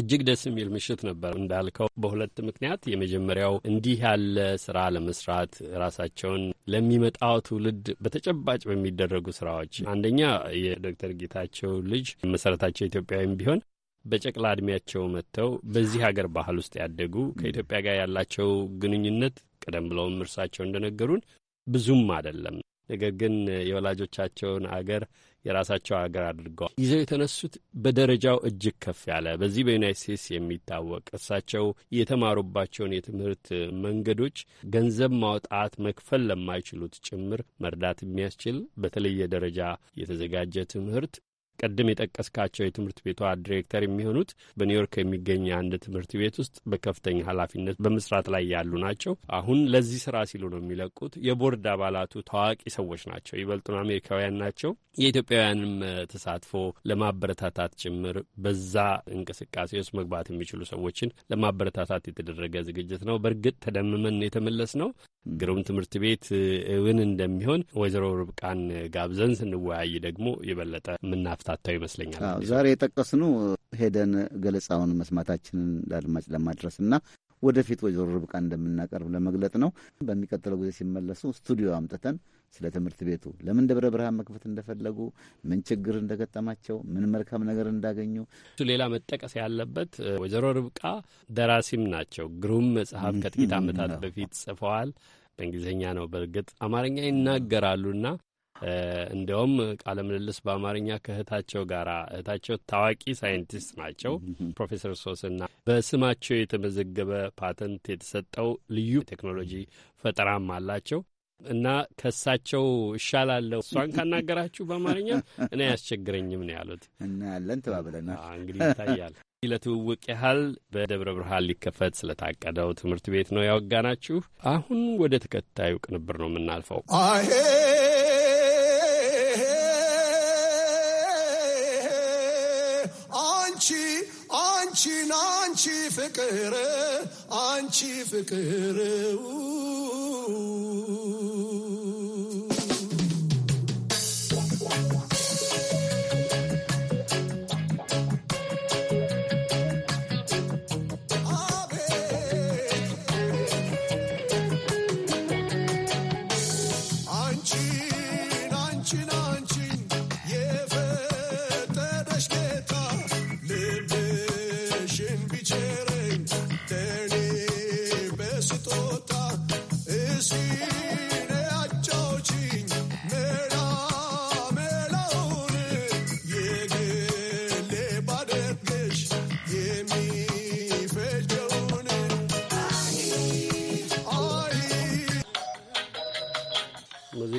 እጅግ ደስ የሚል ምሽት ነበር እንዳልከው በሁለት ምክንያት። የመጀመሪያው እንዲህ ያለ ስራ ለመስራት ራሳቸውን ለሚመጣው ትውልድ በተጨባጭ በሚደረጉ ስራዎች አንደኛ የዶክተር ጌታቸው ልጅ መሰረታቸው ኢትዮጵያዊም ቢሆን በጨቅላ እድሜያቸው መጥተው በዚህ ሀገር ባህል ውስጥ ያደጉ ከኢትዮጵያ ጋር ያላቸው ግንኙነት ቀደም ብለውም እርሳቸው እንደነገሩን ብዙም አይደለም። ነገር ግን የወላጆቻቸውን አገር የራሳቸው ሀገር አድርገዋል። ይዘው የተነሱት በደረጃው እጅግ ከፍ ያለ በዚህ በዩናይት ስቴትስ የሚታወቅ እርሳቸው የተማሩባቸውን የትምህርት መንገዶች ገንዘብ ማውጣት መክፈል ለማይችሉት ጭምር መርዳት የሚያስችል በተለየ ደረጃ የተዘጋጀ ትምህርት ቀደም የጠቀስካቸው የትምህርት ቤቷ ዲሬክተር የሚሆኑት በኒውዮርክ የሚገኝ አንድ ትምህርት ቤት ውስጥ በከፍተኛ ኃላፊነት በመስራት ላይ ያሉ ናቸው። አሁን ለዚህ ስራ ሲሉ ነው የሚለቁት። የቦርድ አባላቱ ታዋቂ ሰዎች ናቸው፣ ይበልጡን አሜሪካውያን ናቸው። የኢትዮጵያውያንም ተሳትፎ ለማበረታታት ጭምር በዛ እንቅስቃሴ ውስጥ መግባት የሚችሉ ሰዎችን ለማበረታታት የተደረገ ዝግጅት ነው። በእርግጥ ተደምመን የተመለስ ነው። ግሩም ትምህርት ቤት እውን እንደሚሆን ወይዘሮ ርብቃን ጋብዘን ስንወያይ ደግሞ የበለጠ ምናፍ የምንፍታታው ይመስለኛል። ዛሬ የጠቀስነው ሄደን ገለጻውን መስማታችንን ለአድማጭ ለማድረስ እና ወደፊት ወይዘሮ ርብቃ እንደምናቀርብ ለመግለጥ ነው። በሚቀጥለው ጊዜ ሲመለሱ ስቱዲዮ አምጥተን ስለ ትምህርት ቤቱ ለምን ደብረ ብርሃን መክፈት እንደፈለጉ፣ ምን ችግር እንደገጠማቸው፣ ምን መልካም ነገር እንዳገኙ ሌላ መጠቀስ ያለበት ወይዘሮ ርብቃ ደራሲም ናቸው። ግሩም መጽሐፍ ከጥቂት ዓመታት በፊት ጽፈዋል። በእንግሊዝኛ ነው። በእርግጥ አማርኛ ይናገራሉና እንዲያውም ቃለ ምልልስ በአማርኛ ከእህታቸው ጋር እህታቸው ታዋቂ ሳይንቲስት ናቸው፣ ፕሮፌሰር ሶስና በስማቸው የተመዘገበ ፓተንት የተሰጠው ልዩ ቴክኖሎጂ ፈጠራም አላቸው እና ከሳቸው እሻላለሁ እሷን ካናገራችሁ በአማርኛ እኔ አያስቸግረኝም ነው ያሉት። እና ያለን ተባብለናል እንግዲህ ይታያል። ለትውውቅ ያህል በደብረ ብርሃን ሊከፈት ስለታቀደው ትምህርት ቤት ነው ያወጋናችሁ። አሁን ወደ ተከታዩ ቅንብር ነው የምናልፈው። አንቺን አንቺ ፍቅር አንቺ ፍቅር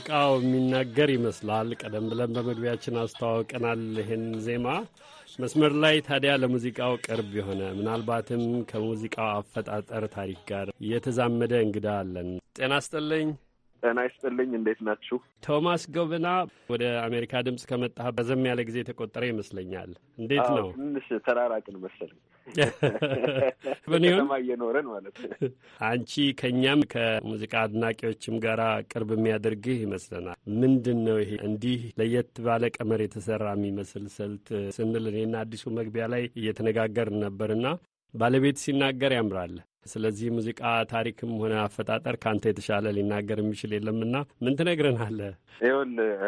ቃው የሚናገር ይመስላል። ቀደም ብለን በመግቢያችን አስተዋውቀናል ይህን ዜማ። መስመር ላይ ታዲያ ለሙዚቃው ቅርብ የሆነ ምናልባትም ከሙዚቃው አፈጣጠር ታሪክ ጋር የተዛመደ እንግዳ አለን። ጤና ስጥልኝ። ጤና ይስጥልኝ። እንዴት ናችሁ? ቶማስ ጎበና፣ ወደ አሜሪካ ድምፅ ከመጣህ በዘም ያለ ጊዜ የተቆጠረ ይመስለኛል። እንዴት ነው? ትንሽ ተራራቅን መሰለኝ። ከተማ እየኖረን ማለት አንቺ ከእኛም ከሙዚቃ አድናቂዎችም ጋር ቅርብ የሚያደርግህ ይመስለናል። ምንድን ነው ይሄ እንዲህ ለየት ባለ ቀመር የተሰራ የሚመስል ስልት ስንል እኔና አዲሱ መግቢያ ላይ እየተነጋገርን ነበርና ባለቤት ሲናገር ያምራል። ስለዚህ ሙዚቃ ታሪክም ሆነ አፈጣጠር ከአንተ የተሻለ ሊናገር የሚችል የለምና ምን ትነግረናለህ? ይኸውልህ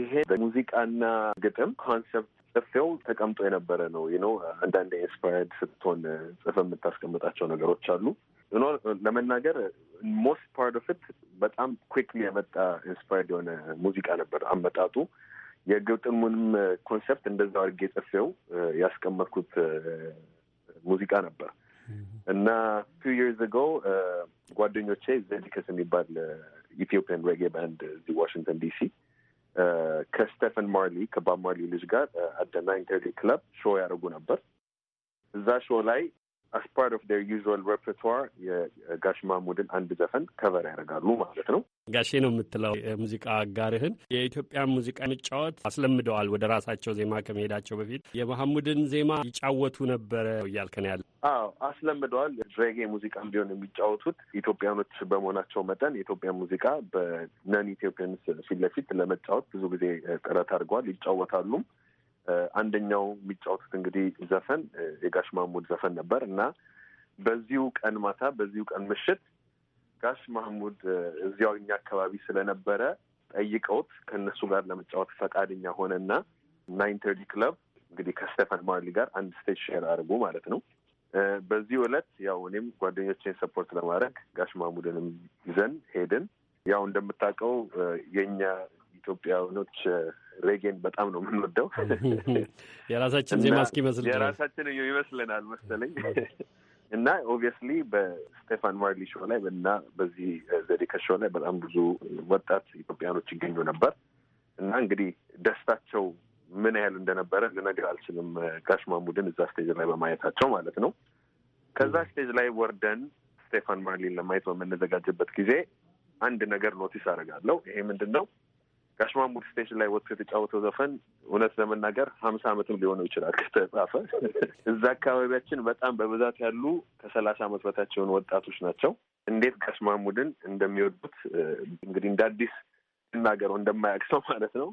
ይሄ በሙዚቃና ግጥም ኮንሰፕት ጽፌው ተቀምጦ የነበረ ነው ነው አንዳንድ ኢንስፓየርድ ስትሆን uh, ጽፈ የምታስቀምጣቸው ነገሮች አሉ። ለመናገር ሞስት ፓርት ኦፍ ኢት በጣም ኩዊክሊ የመጣ ኢንስፓየርድ የሆነ ሙዚቃ ነበር አመጣጡ። የግጥሙንም ኮንሰፕት እንደዛ አድርጌ ጽፌው uh, ያስቀመጥኩት uh, ሙዚቃ ነበር እና ፊው ይርስ አጎ ጓደኞቼ ዘዲከስ የሚባል ኢትዮጵያን ሬጌ ባንድ እዚህ ዋሽንግተን ዲሲ ከስቴፈን ማርሊ ከባብ ማርሊ ልጅ ጋር አደ ናይን ተርቲ ክለብ ሾ ያደርጉ ነበር። እዛ ሾ ላይ አስ ፓርት ኦፍ ዴር ዩዝዋል ሬፐርቶር የጋሽ ማሙድን አንድ ዘፈን ከቨር ያደርጋሉ ማለት ነው። ጋሼ ነው የምትለው የሙዚቃ አጋርህን የኢትዮጵያ ሙዚቃ መጫወት አስለምደዋል። ወደ ራሳቸው ዜማ ከመሄዳቸው በፊት የመሐሙድን ዜማ ይጫወቱ ነበረ እያልከን ያለ? አዎ አስለምደዋል። ድሬጌ ሙዚቃ ቢሆን የሚጫወቱት ኢትዮጵያኖች በመሆናቸው መጠን የኢትዮጵያ ሙዚቃ በነን ኢትዮጵያንስ ፊት ለፊት ለመጫወት ብዙ ጊዜ ጥረት አድርገዋል፣ ይጫወታሉም አንደኛው የሚጫወቱት እንግዲህ ዘፈን የጋሽ ማሙድ ዘፈን ነበር እና በዚሁ ቀን ማታ በዚሁ ቀን ምሽት ጋሽ ማሙድ እዚያው እኛ አካባቢ ስለነበረ ጠይቀውት ከእነሱ ጋር ለመጫወት ፈቃደኛ ሆነና ናይን ተርቲ ክለብ እንግዲህ ከስቴፈን ማርሊ ጋር አንድ ስቴጅ ሼር አድርጎ ማለት ነው። በዚህ ዕለት ያው እኔም ጓደኞችን ሰፖርት ለማድረግ ጋሽ ማሙድንም ይዘን ሄድን። ያው እንደምታውቀው የእኛ ኢትዮጵያኖች ሬጌን በጣም ነው የምንወደው። የራሳችን ዜማ እስኪመስል የራሳችን ይመስለናል መሰለኝ እና ኦብቪየስሊ በስቴፋን ማርሊ ሾ ላይ እና በዚህ ዘዴከ ሾ ላይ በጣም ብዙ ወጣት ኢትዮጵያኖች ይገኙ ነበር እና እንግዲህ ደስታቸው ምን ያህል እንደነበረ ልነግርህ አልችልም። ጋሽ ማሙድን እዛ ስቴጅ ላይ በማየታቸው ማለት ነው። ከዛ ስቴጅ ላይ ወርደን ስቴፋን ማርሊን ለማየት በምንዘጋጅበት ጊዜ አንድ ነገር ኖቲስ አደርጋለሁ። ይሄ ምንድን ነው? ጋሽማሙድ ስቴሽን ላይ ወጥቶ የተጫወተው ዘፈን እውነት ለመናገር ሀምሳ ዓመትም ሊሆነው ይችላል ከተጻፈ። እዛ አካባቢያችን በጣም በብዛት ያሉ ከሰላሳ ዓመት በታች የሆኑ ወጣቶች ናቸው። እንዴት ጋሽማሙድን እንደሚወዱት እንግዲህ እንደ አዲስ እናገረው እንደማያውቅ ሰው ማለት ነው።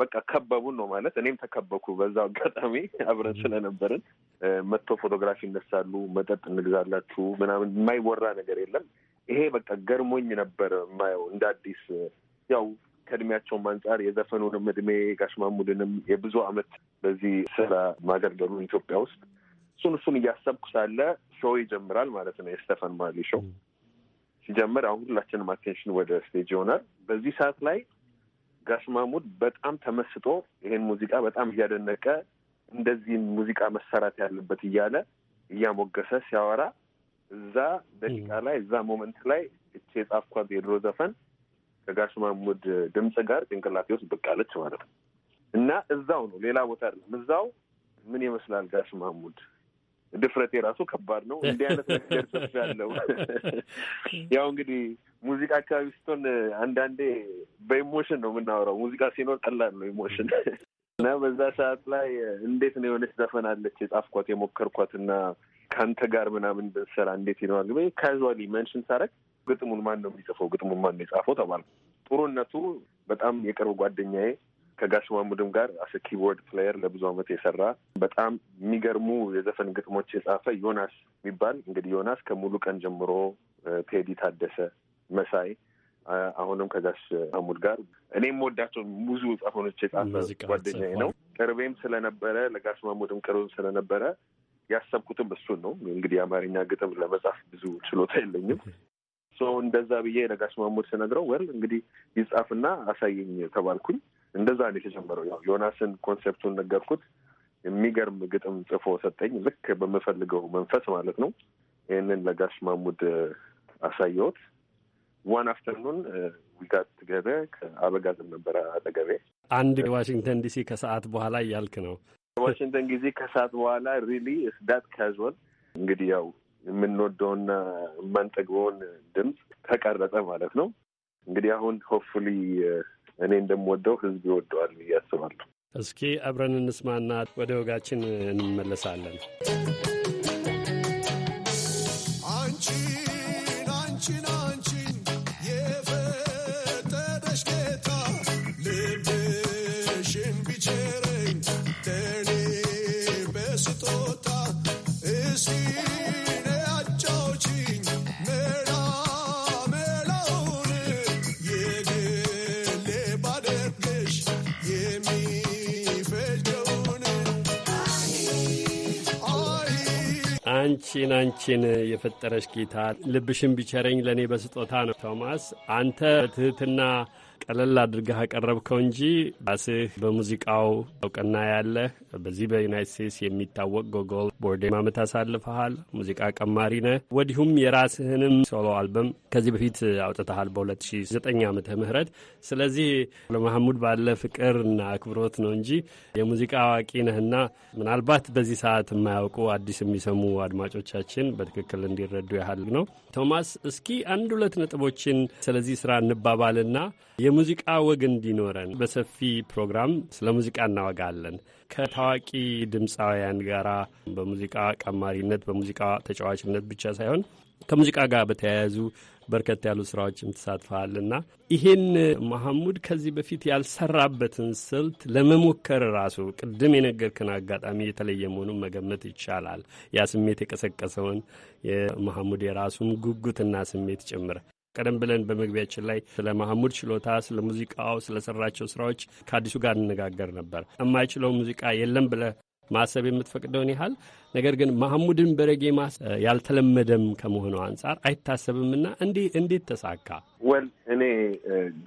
በቃ ከበቡን ነው ማለት እኔም ተከበኩ። በዛው አጋጣሚ አብረን ስለነበርን መጥቶ ፎቶግራፊ ይነሳሉ፣ መጠጥ እንግዛላችሁ ምናምን የማይወራ ነገር የለም። ይሄ በቃ ገርሞኝ ነበር ማየው እንደ አዲስ ያው ከእድሜያቸውም አንጻር የዘፈኑንም እድሜ ጋሽ ማሙድንም የብዙ አመት በዚህ ስራ ማገልገሉን ኢትዮጵያ ውስጥ እሱን እሱን እያሰብኩ ሳለ ሾው ይጀምራል ማለት ነው። የስተፈን ማሊ ሾው ሲጀምር አሁን ሁላችንም አቴንሽን ወደ ስቴጅ ይሆናል። በዚህ ሰዓት ላይ ጋሽ ማሙድ በጣም ተመስጦ ይሄን ሙዚቃ በጣም እያደነቀ እንደዚህ ሙዚቃ መሰራት ያለበት እያለ እያሞገሰ ሲያወራ እዛ ደቂቃ ላይ እዛ ሞመንት ላይ እቼ የጻፍኳት የድሮ ዘፈን ከጋሽ ማሙድ ድምፅ ጋር ጭንቅላቴ ውስጥ ብቅ አለች ማለት ነው። እና እዛው ነው፣ ሌላ ቦታ አይደለም። እዛው ምን ይመስላል ጋሽ ማሙድ ድፍረት የራሱ ከባድ ነው። እንዲህ አይነት ነገር ጽፍ ያለው ያው እንግዲህ ሙዚቃ አካባቢ ስትሆን አንዳንዴ በኢሞሽን ነው የምናወራው። ሙዚቃ ሲኖር ቀላል ነው ኢሞሽን እና በዛ ሰዓት ላይ እንዴት ነው የሆነች ዘፈን አለች የጻፍኳት የሞከርኳት እና ከአንተ ጋር ምናምን ብንሰራ እንዴት ይለዋል ካዋሊ መንሽን ሳረግ ግጥሙን ማን ነው የሚጽፈው? ግጥሙን ማን ነው የጻፈው ተባል ጥሩነቱ በጣም የቅርብ ጓደኛዬ ከጋሽ ማሙድም ጋር አስ ኪቦርድ ፕሌየር ለብዙ ዓመት የሰራ በጣም የሚገርሙ የዘፈን ግጥሞች የጻፈ ዮናስ የሚባል እንግዲህ ዮናስ ከሙሉ ቀን ጀምሮ ቴዲ ታደሰ፣ መሳይ አሁንም ከጋሽ አሙድ ጋር እኔም ወዳቸው ብዙ ጻፎኖች የጻፈ ጓደኛዬ ነው። ቅርቤም ስለነበረ ለጋሽ ማሙድም ቅርብም ስለነበረ ያሰብኩትም እሱን ነው። እንግዲህ የአማርኛ ግጥም ለመጻፍ ብዙ ችሎታ የለኝም። ሰው እንደዛ ብዬ ነጋሽ ማሙድ ስነግረው ወል እንግዲህ ይጻፍና አሳየኝ ተባልኩኝ። እንደዛ ነው የተጀመረው። ያው ዮናስን ኮንሴፕቱን ነገርኩት። የሚገርም ግጥም ጽፎ ሰጠኝ። ልክ በምፈልገው መንፈስ ማለት ነው። ይህንን ለጋሽ ማሙድ አሳየሁት። ዋን አፍተርኑን ዊጋት ገበ ከአበጋዝም ነበረ አጠገቤ። አንድ ዋሽንግተን ዲሲ ከሰዓት በኋላ እያልክ ነው? ዋሽንግተን ዲሲ ከሰዓት በኋላ ሪሊ ስዳት ካዝዋል እንግዲህ ያው የምንወደውና የማንጠግበውን ድምፅ ተቀረጸ ማለት ነው። እንግዲህ አሁን ሆፍሊ እኔ እንደምወደው ህዝብ ይወደዋል ብዬ አስባለሁ። እስኪ አብረን እንስማና ወደ ወጋችን እንመለሳለን። አንቺን አንቺን የፈጠረሽ ጌታ ልብሽን ቢቸረኝ ለእኔ በስጦታ ነው። ቶማስ አንተ በትህትና ቀለል አድርገህ አቀረብከው እንጂ ራስህ በሙዚቃው እውቅና ያለህ በዚህ በዩናይት ስቴትስ የሚታወቅ ጎጎል ቦርዴ ማመት አሳልፈሃል። ሙዚቃ ቀማሪ ነህ። ወዲሁም የራስህንም ሶሎ አልበም ከዚህ በፊት አውጥተሃል በ2009 ዓመተ ምህረት። ስለዚህ ለመሐሙድ ባለ ፍቅር እና አክብሮት ነው እንጂ የሙዚቃ አዋቂ ነህና ምናልባት በዚህ ሰዓት የማያውቁ አዲስ የሚሰሙ አድማጮቻችን በትክክል እንዲረዱ ያህል ነው። ቶማስ፣ እስኪ አንድ ሁለት ነጥቦችን ስለዚህ ስራ እንባባልና የሙዚቃ ወግ እንዲኖረን በሰፊ ፕሮግራም ስለ ሙዚቃ እናወጋለን። ከታዋቂ ድምፃውያን ጋር በሙዚቃ ቀማሪነት፣ በሙዚቃ ተጫዋችነት ብቻ ሳይሆን ከሙዚቃ ጋር በተያያዙ በርከት ያሉ ስራዎችም ተሳትፈሃልና ይህን መሐሙድ ከዚህ በፊት ያልሰራበትን ስልት ለመሞከር ራሱ ቅድም የነገርክን አጋጣሚ የተለየ መሆኑን መገመት ይቻላል። ያ ስሜት የቀሰቀሰውን የመሐሙድ የራሱን ጉጉትና ስሜት ጭምር ቀደም ብለን በመግቢያችን ላይ ስለ ማህሙድ ችሎታ፣ ስለ ሙዚቃው፣ ስለ ሰራቸው ስራዎች ከአዲሱ ጋር እንነጋገር ነበር። የማይችለው ሙዚቃ የለም ብለ ማሰብ የምትፈቅደውን ያህል ነገር ግን ማህሙድን በረጌ ማስ ያልተለመደም ከመሆኑ አንጻር አይታሰብምና እንዴት ተሳካ? ወል እኔ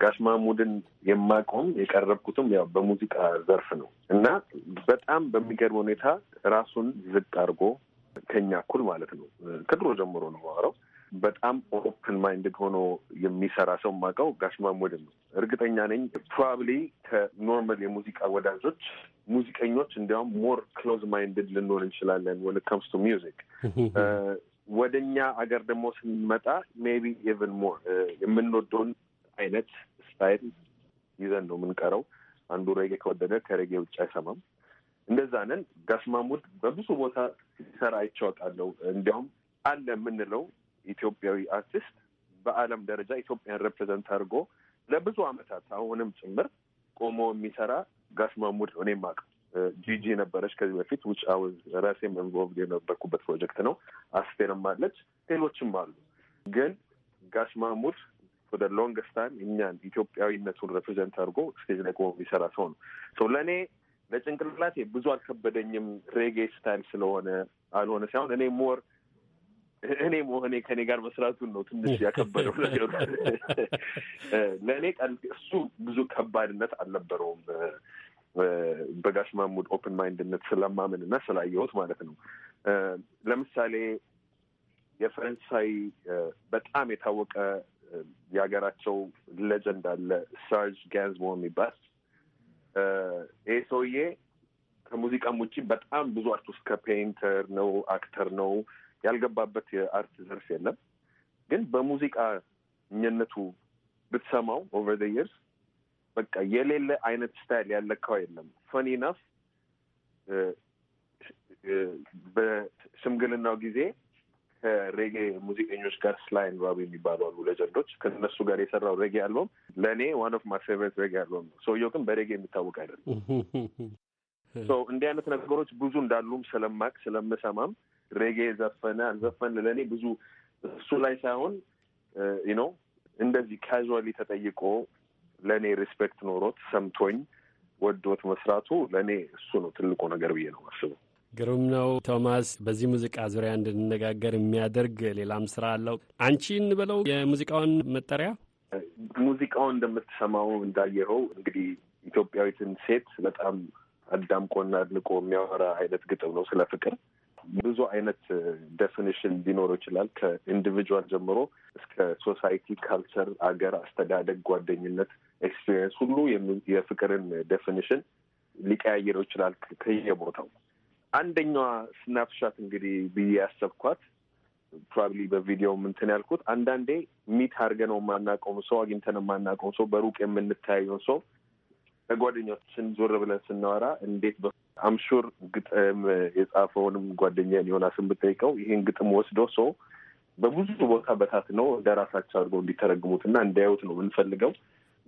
ጋሽ ማህሙድን የማቆም የቀረብኩትም ያው በሙዚቃ ዘርፍ ነው እና በጣም በሚገርም ሁኔታ ራሱን ዝቅ አድርጎ ከኛ እኩል ማለት ነው ከድሮ ጀምሮ ነው ማውራው በጣም ኦፕን ማይንድድ ሆኖ የሚሰራ ሰው ማቀው ጋሽ ማሞድን ነው። እርግጠኛ ነኝ ፕሮባብሊ ከኖርማል የሙዚቃ ወዳጆች ሙዚቀኞች እንዲያውም ሞር ክሎዝ ማይንድድ ልንሆን እንችላለን ወን ከምስ ቱ ሚዚክ። ወደ እኛ አገር ደግሞ ስንመጣ ሜቢ ኢቨን ሞር የምንወደውን አይነት ስታይል ይዘን ነው የምንቀረው። አንዱ ሬጌ ከወደደ ከሬጌ ውጭ አይሰማም። እንደዛ ነን። ጋሽ ማሙድ በብዙ ቦታ ሲሰራ አይቼዋለሁ። እንዲያውም አለ የምንለው ኢትዮጵያዊ አርቲስት በዓለም ደረጃ ኢትዮጵያን ሬፕሬዘንት አድርጎ ለብዙ ዓመታት አሁንም ጭምር ቆሞ የሚሰራ ጋሽ ማሙድ ነው። ማቅ ጂጂ ነበረች ከዚህ በፊት ውጭ አውዝ ራሴም ኢንቮልቭድ የነበርኩበት ፕሮጀክት ነው። አስቴርም አለች፣ ሌሎችም አሉ። ግን ጋሽ ማሙድ ወደ ሎንገስት ታይም እኛን ኢትዮጵያዊነቱን ሬፕሬዘንት አድርጎ ስቴጅ ላይ ቆሞ የሚሰራ ሰው ነው። ለእኔ ለጭንቅላቴ ብዙ አልከበደኝም። ሬጌ ስታይል ስለሆነ አልሆነ ሳይሆን እኔ ሞር እኔ መሆኔ ከኔ ጋር መስራቱን ነው ትንሽ ያከበደው ነገሩ። ለእኔ እሱ ብዙ ከባድነት አልነበረውም በጋሽ ማሙድ ኦፕን ማይንድነት ስለማምን እና ስላየሁት ማለት ነው። ለምሳሌ የፈረንሳይ በጣም የታወቀ የሀገራቸው ሌጀንድ አለ ሰርጅ ጋንዝሞ የሚባል ይህ ሰውዬ ከሙዚቃም ውጭ በጣም ብዙ አርቲስት ከፔይንተር ነው፣ አክተር ነው ያልገባበት የአርት ዘርፍ የለም። ግን በሙዚቃኝነቱ ብትሰማው ኦቨር ዘ ይርስ በቃ የሌለ አይነት ስታይል ያለካው የለም። ፈኒ ናፍ በሽምግልናው ጊዜ ከሬጌ ሙዚቀኞች ጋር ስላይን ራብ የሚባሉ አሉ ሌጀንዶች። ከነሱ ጋር የሰራው ሬጌ አልበም ለእኔ ዋን ኦፍ ማይ ፌቨሪት ሬጌ አልበም ነው። ሰውየው ግን በሬጌ የሚታወቅ አይደለም። እንዲህ አይነት ነገሮች ብዙ እንዳሉም ስለማቅ ስለምሰማም ሬጌ ዘፈነ አልዘፈን ለእኔ ብዙ እሱ ላይ ሳይሆን ነው እንደዚህ ካዥዋሊ ተጠይቆ ለእኔ ሪስፔክት ኖሮት ሰምቶኝ ወዶት መስራቱ ለእኔ እሱ ነው ትልቁ ነገር ብዬ ነው አስበው። ግሩም ነው ቶማስ። በዚህ ሙዚቃ ዙሪያ እንድንነጋገር የሚያደርግ ሌላም ስራ አለው። አንቺ እንበለው የሙዚቃውን መጠሪያ ሙዚቃውን እንደምትሰማው እንዳየኸው እንግዲህ ኢትዮጵያዊትን ሴት በጣም አዳምቆና አድንቆ የሚያወራ አይነት ግጥም ነው ስለ ፍቅር ብዙ አይነት ዴፊኒሽን ሊኖረው ይችላል። ከኢንዲቪጁዋል ጀምሮ እስከ ሶሳይቲ፣ ካልቸር፣ አገር፣ አስተዳደግ፣ ጓደኝነት፣ ኤክስፒሪየንስ ሁሉ የፍቅርን ዴፊኒሽን ሊቀያየረው ይችላል ከየቦታው። አንደኛዋ ስናፕሻት እንግዲህ ብዬ ያሰብኳት ፕሮባብሊ በቪዲዮ ምንትን ያልኩት አንዳንዴ ሚት ነው የማናውቀውን ሰው አግኝተን የማናውቀውን ሰው በሩቅ የምንተያየውን ሰው ከጓደኞችን ዞር ብለን ስናወራ እንዴት አምሹር ግጥም uh, የጻፈውንም ጓደኛዬን ዮናስን ብጠይቀው ይህን ግጥም ወስዶ ሰው በብዙ ቦታ በታት ነው እንደ ራሳቸው አድርገው እንዲተረግሙትና እንዲያዩት ነው የምንፈልገው።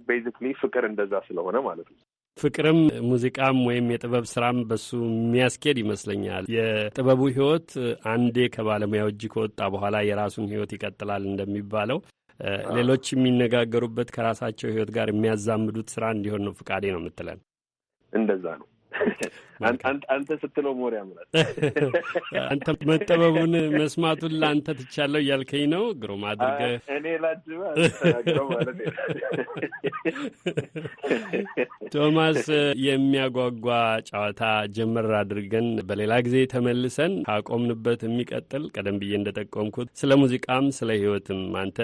ቤዚክሊ ፍቅር እንደዛ ስለሆነ ማለት ነው። ፍቅርም ሙዚቃም ወይም የጥበብ ስራም በሱ የሚያስኬድ ይመስለኛል። የጥበቡ ህይወት አንዴ ከባለሙያው እጅ ከወጣ በኋላ የራሱን ህይወት ይቀጥላል እንደሚባለው uh, ሌሎች የሚነጋገሩበት ከራሳቸው ህይወት ጋር የሚያዛምዱት ስራ እንዲሆን ነው ፍቃዴ ነው የምትለን። እንደዛ ነው። አንተ ስትለው ሞር ያምራል። አንተ መጠበቡን መስማቱን ለአንተ ትቻለው እያልከኝ ነው። ግሩም አድርገህ እኔ ላጅባ ማለት ቶማስ፣ የሚያጓጓ ጨዋታ ጀመር አድርገን በሌላ ጊዜ ተመልሰን ካቆምንበት የሚቀጥል ቀደም ብዬ እንደጠቆምኩት ስለ ሙዚቃም ስለ ህይወትም አንተ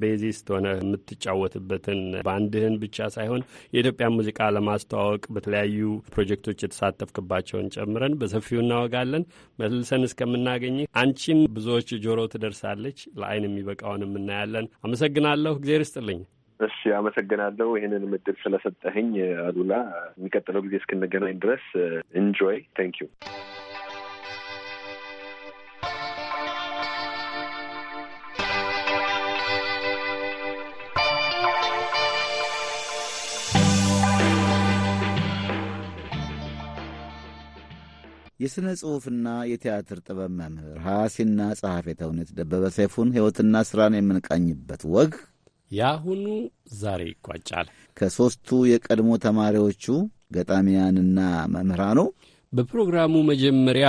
ቤዚስት ሆነ የምትጫወትበትን ባንድህን ብቻ ሳይሆን የኢትዮጵያ ሙዚቃ ለማስተዋወቅ በተለያዩ ፕሮጀክቶች የተሳተፍክባቸውን ጨምረን በሰፊው እናወጋለን። መልሰን እስከምናገኝ አንቺን ብዙዎች ጆሮ ትደርሳለች፣ ለአይን የሚበቃውን እናያለን። አመሰግናለሁ። እግዜር ይስጥልኝ። እሺ አመሰግናለሁ፣ ይህንን ምድል ስለሰጠህኝ አሉላ። የሚቀጥለው ጊዜ እስክንገናኝ ድረስ ኢንጆይ። ታንክ ዩ የሥነ ጽሑፍና የቲያትር ጥበብ መምህር ሐያሲና ጸሐፌ ተውኔት ደበበ ሰይፉን ሕይወትና ሥራን የምንቃኝበት ወግ የአሁኑ ዛሬ ይቋጫል። ከሦስቱ የቀድሞ ተማሪዎቹ ገጣሚያንና መምህራኑ በፕሮግራሙ መጀመሪያ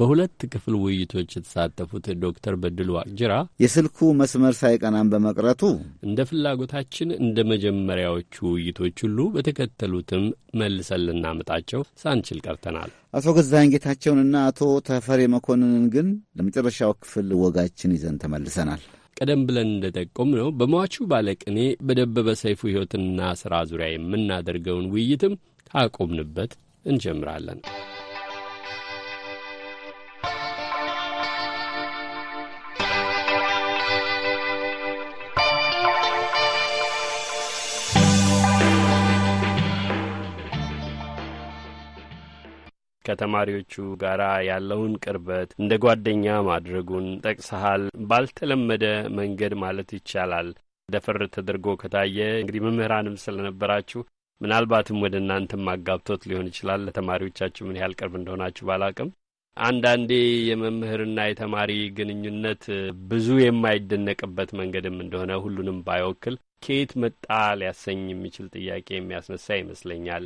በሁለት ክፍል ውይይቶች የተሳተፉት ዶክተር በድሉ ዋቅጅራ የስልኩ መስመር ሳይቀናም በመቅረቱ እንደ ፍላጎታችን እንደ መጀመሪያዎቹ ውይይቶች ሁሉ በተከተሉትም መልሰን ልናመጣቸው ሳንችል ቀርተናል። አቶ ገዛኸኝ ጌታቸውንና አቶ ተፈሬ መኮንንን ግን ለመጨረሻው ክፍል ወጋችን ይዘን ተመልሰናል። ቀደም ብለን እንደጠቆም ነው በሟቹ ባለቅኔ በደበበ ሰይፉ ሕይወትና ሥራ ዙሪያ የምናደርገውን ውይይትም ካቆምንበት እንጀምራለን። ከተማሪዎቹ ጋር ያለውን ቅርበት እንደ ጓደኛ ማድረጉን ጠቅሰሃል። ባልተለመደ መንገድ ማለት ይቻላል ደፈር ተደርጎ ከታየ እንግዲህ መምህራንም ስለነበራችሁ ምናልባትም ወደ እናንተም አጋብቶት ሊሆን ይችላል። ለተማሪዎቻችሁ ምን ያህል ቅርብ እንደሆናችሁ ባላቅም አንዳንዴ የመምህርና የተማሪ ግንኙነት ብዙ የማይደነቅበት መንገድም እንደሆነ ሁሉንም ባይወክል ከየት መጣ ሊያሰኝ የሚችል ጥያቄ የሚያስነሳ ይመስለኛል።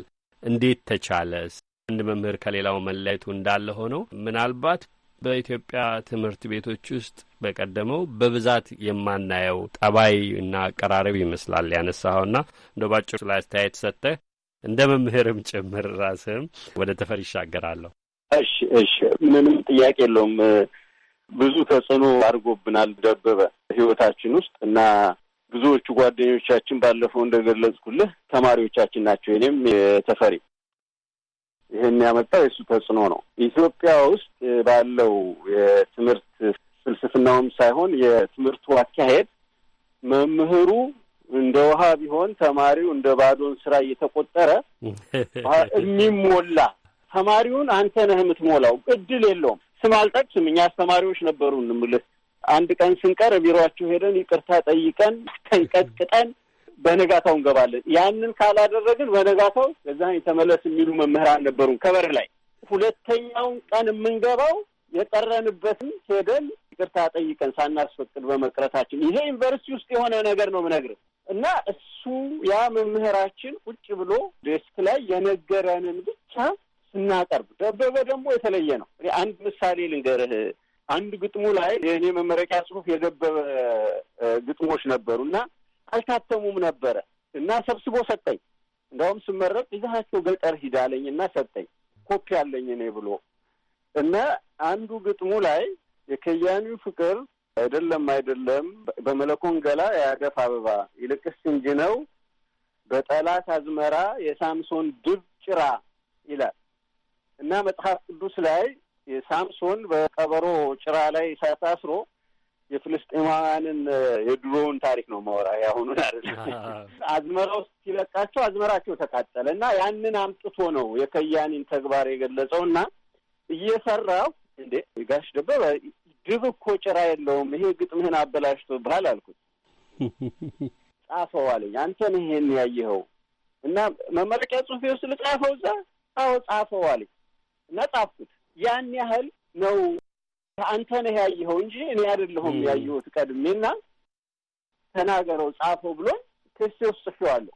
እንዴት ተቻለስ? አንድ መምህር ከሌላው መለያየቱ እንዳለ ሆነው ምናልባት በኢትዮጵያ ትምህርት ቤቶች ውስጥ በቀደመው በብዛት የማናየው ጠባይ እና አቀራረብ ይመስላል ያነሳኸውና እንደ ባጭሩ ላይ አስተያየት ሰጥተህ እንደ መምህርም ጭምር ራስህም ወደ ተፈር ይሻገራለሁ። እሺ፣ እሺ፣ ምንም ጥያቄ የለውም። ብዙ ተጽዕኖ አድርጎብናል ደበበ ህይወታችን ውስጥ እና ብዙዎቹ ጓደኞቻችን ባለፈው እንደገለጽኩልህ ተማሪዎቻችን ናቸው። እኔም የተፈሪ ይሄን ያመጣው የእሱ ተጽዕኖ ነው። ኢትዮጵያ ውስጥ ባለው የትምህርት ፍልስፍናውም ሳይሆን የትምህርቱ አካሄድ መምህሩ እንደ ውሃ ቢሆን ተማሪው እንደ ባዶን ስራ እየተቆጠረ የሚሞላ ተማሪውን አንተ ነህ የምትሞላው፣ እድል የለውም። ስም አልጠቅስም፣ እኛ አስተማሪዎች ነበሩ እንምልህ አንድ ቀን ስንቀር ቢሮአችሁ ሄደን ይቅርታ ጠይቀን ተንቀጥቅጠን በነጋታው እንገባለን። ያንን ካላደረግን በነጋታው እዛን የተመለስ የሚሉ መምህራን ነበሩን ከበር ላይ። ሁለተኛውን ቀን የምንገባው የቀረንበትን ሄደን ይቅርታ ጠይቀን ሳናስፈቅድ በመቅረታችን ይሄ ዩኒቨርሲቲ ውስጥ የሆነ ነገር ነው ምነግርህ እና እሱ ያ መምህራችን ቁጭ ብሎ ዴስክ ላይ የነገረንን ብቻ ስናቀርብ፣ ደበበ ደግሞ የተለየ ነው። አንድ ምሳሌ ልንገርህ። አንድ ግጥሙ ላይ የእኔ መመረቂያ ጽሁፍ የደበበ ግጥሞች ነበሩ እና አልታተሙም ነበረ እና ሰብስቦ ሰጠኝ። እንደውም ስመረቅ ይዛቸው ገጠር ሂዳለኝ እና ሰጠኝ። ኮፒ አለኝ እኔ ብሎ እና አንዱ ግጥሙ ላይ የከያኒው ፍቅር አይደለም አይደለም በመለኮን ገላ የአገፍ አበባ ይልቅስ እንጂ ነው በጠላት አዝመራ የሳምሶን ድብ ጭራ ይላል እና መጽሐፍ ቅዱስ ላይ የሳምሶን በቀበሮ ጭራ ላይ ሳታስሮ የፍልስጤማውያንን የድሮውን ታሪክ ነው ማወራ ያሁኑን አይደለም። አዝመራ ውስጥ ሲለቃቸው አዝመራቸው ተቃጠለ እና ያንን አምጥቶ ነው የከያኒን ተግባር የገለጸው እና እየሰራው እንዴ ጋሽ ደበበ ድብ እኮ ጭራ የለውም ይሄ ግጥምህን አበላሽቶ አበላሽቶብሃል አልኩት። ጻፈው አለኝ። አንተን ይሄን ያየኸው እና መመረቂያ ጽሁፌ ውስጥ ልጻፈው እዛ? አዎ ጻፈው አለኝ እና ጻፍኩት። ያን ያህል ነው አንተ ነህ ያየኸው እንጂ እኔ አይደለሁም ያየሁት ቀድሜና ተናገረው ጻፈው ብሎ ክስ ውስጥ ጽፌዋለሁ።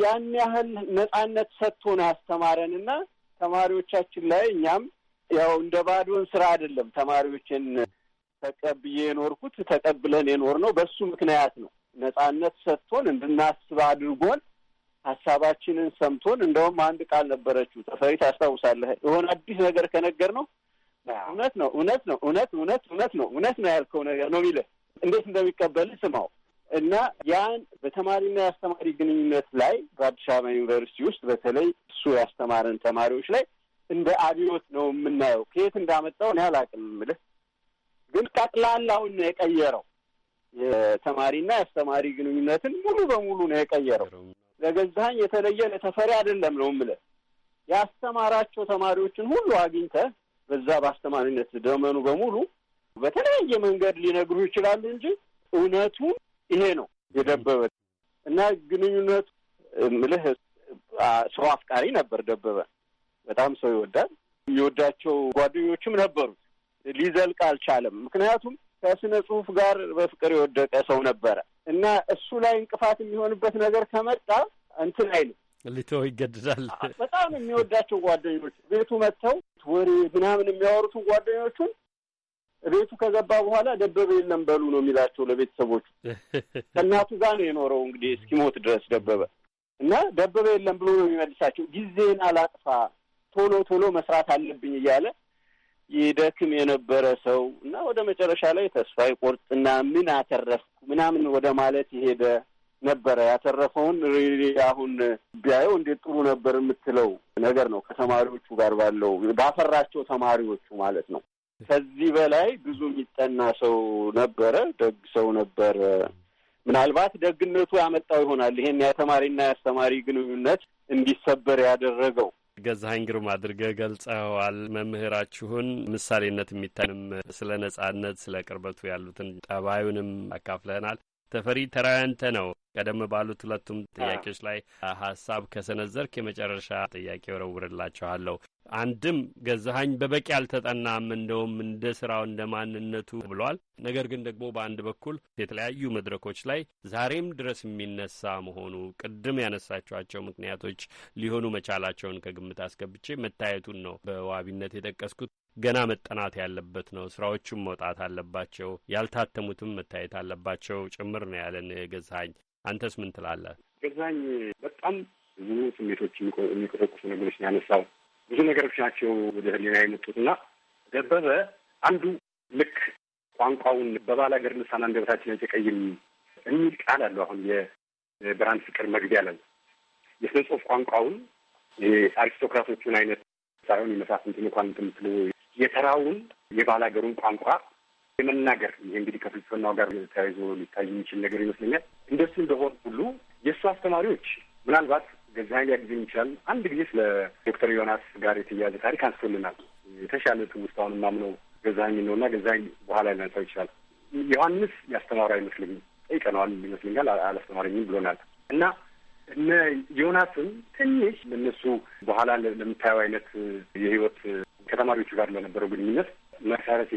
ያን ያህል ነጻነት ሰጥቶን ያስተማረንና ተማሪዎቻችን ላይ እኛም ያው እንደ ባዶን ስራ አይደለም ተማሪዎችን ተቀብዬ የኖርኩት ተቀብለን የኖር ነው። በሱ ምክንያት ነው ነጻነት ሰጥቶን እንድናስብ አድርጎን ሀሳባችንን ሰምቶን። እንደውም አንድ ቃል ነበረችው ተፈሪ ታስታውሳለህ? የሆነ አዲስ ነገር ከነገር ነው እውነት ነው እውነት ነው እውነት እውነት እውነት ነው እውነት ነው ያልከው ነገር ነው የሚልህ እንዴት እንደሚቀበል ስማው እና ያን በተማሪና የአስተማሪ ግንኙነት ላይ በአዲስ አበባ ዩኒቨርሲቲ ውስጥ በተለይ እሱ ያስተማረን ተማሪዎች ላይ እንደ አብዮት ነው የምናየው። ከየት እንዳመጣው እኔ አላውቅም የምልህ ግን ጠቅላላውን ነው የቀየረው። የተማሪና የአስተማሪ ግንኙነትን ሙሉ በሙሉ ነው የቀየረው። ለገዛኸኝ የተለየ ለተፈሪ አይደለም ነው የምልህ ያስተማራቸው ተማሪዎችን ሁሉ አግኝተህ በዛ በአስተማሪነት ደመኑ በሙሉ በተለያየ መንገድ ሊነግሩ ይችላሉ እንጂ እውነቱ ይሄ ነው የደበበ እና ግንኙነቱ ምልህ ሰው አፍቃሪ ነበር ደበበ። በጣም ሰው ይወዳል። የሚወዳቸው ጓደኞችም ነበሩት። ሊዘልቅ አልቻለም። ምክንያቱም ከስነ ጽሁፍ ጋር በፍቅር የወደቀ ሰው ነበረ እና እሱ ላይ እንቅፋት የሚሆንበት ነገር ከመጣ እንትን አይልም ሊተው ይገድዳል። በጣም የሚወዳቸው ጓደኞች ቤቱ መጥተው ወሬ ምናምን የሚያወሩትን ጓደኞቹን ቤቱ ከገባ በኋላ ደበበ የለም በሉ ነው የሚላቸው ለቤተሰቦቹ። ከእናቱ ጋር ነው የኖረው እንግዲህ እስኪሞት ድረስ ደበበ እና ደበበ የለም ብሎ ነው የሚመልሳቸው። ጊዜን አላጥፋ ቶሎ ቶሎ መስራት አለብኝ እያለ ይደክም የነበረ ሰው እና ወደ መጨረሻ ላይ ተስፋ ይቆርጥና ምን አተረፍኩ ምናምን ወደ ማለት የሄደ ነበረ። ያተረፈውን አሁን ቢያየው እንዴት ጥሩ ነበር የምትለው ነገር ነው። ከተማሪዎቹ ጋር ባለው ባፈራቸው ተማሪዎቹ ማለት ነው። ከዚህ በላይ ብዙ የሚጠና ሰው ነበረ። ደግ ሰው ነበር። ምናልባት ደግነቱ ያመጣው ይሆናል ይሄን የተማሪና የአስተማሪ ግንኙነት እንዲሰበር ያደረገው። ገዛሀኝ ግሩም አድርገህ ገልጸዋል። መምህራችሁን ምሳሌነት የሚታንም ስለ ነጻነት፣ ስለ ቅርበቱ ያሉትን ጠባዩንም አካፍለናል። ተፈሪ ተራያንተ ነው። ቀደም ባሉት ሁለቱም ጥያቄዎች ላይ ሀሳብ ከሰነዘርክ የመጨረሻ ጥያቄ ወረውርላችኋለሁ። አንድም ገዛሀኝ በበቂ አልተጠናም፣ እንደውም እንደ ስራው እንደ ማንነቱ ብሏል። ነገር ግን ደግሞ በአንድ በኩል የተለያዩ መድረኮች ላይ ዛሬም ድረስ የሚነሳ መሆኑ ቅድም ያነሳቸኋቸው ምክንያቶች ሊሆኑ መቻላቸውን ከግምት አስገብቼ መታየቱን ነው በዋቢነት የጠቀስኩት። ገና መጠናት ያለበት ነው። ስራዎቹም መውጣት አለባቸው፣ ያልታተሙትም መታየት አለባቸው ጭምር ነው ያለን ገዛሀኝ። አንተስ ምን ትላለህ ገዛሀኝ? በጣም ብዙ ስሜቶች የሚቆሰቁሱ ነገሮች ያነሳው ብዙ ነገሮች ናቸው ወደ ህሊና የመጡት እና ደበበ አንዱ ልክ ቋንቋውን በባህል ሀገር ልሳን አንደበታችን አይጨቀይም የሚል ቃል አለው። አሁን የብርሃን ፍቅር መግቢያ ላይ የስነ ጽሁፍ ቋንቋውን የአሪስቶክራቶቹን አይነት ሳይሆን የመሳፍንት እንኳን ምትል የተራውን የባህል ሀገሩን ቋንቋ የመናገር ይሄ እንግዲህ ከፍልስፍናው ጋር ተያይዞ ሊታይ የሚችል ነገር ይመስለኛል። እንደሱ እንደሆን ሁሉ የእሱ አስተማሪዎች ምናልባት ገዛኸኝ ሊያግዘኝ ይችላል። አንድ ጊዜ ስለ ዶክተር ዮናስ ጋር የተያያዘ ታሪክ አንስቶልናል። የተሻለ ትውስጥ አሁን የማምነው ነው እና ገዛኝ በኋላ ሊያነሳው ይችላል። ዮሐንስ ያስተማሩ አይመስለኝም። ጠይቀነዋል ይመስልኛል። አላስተማረኝም ብሎናል እና እነ ዮናስን ትንሽ ለእነሱ በኋላ ለምታየው አይነት የህይወት ከተማሪዎቹ ጋር ለነበረው ግንኙነት መሰረት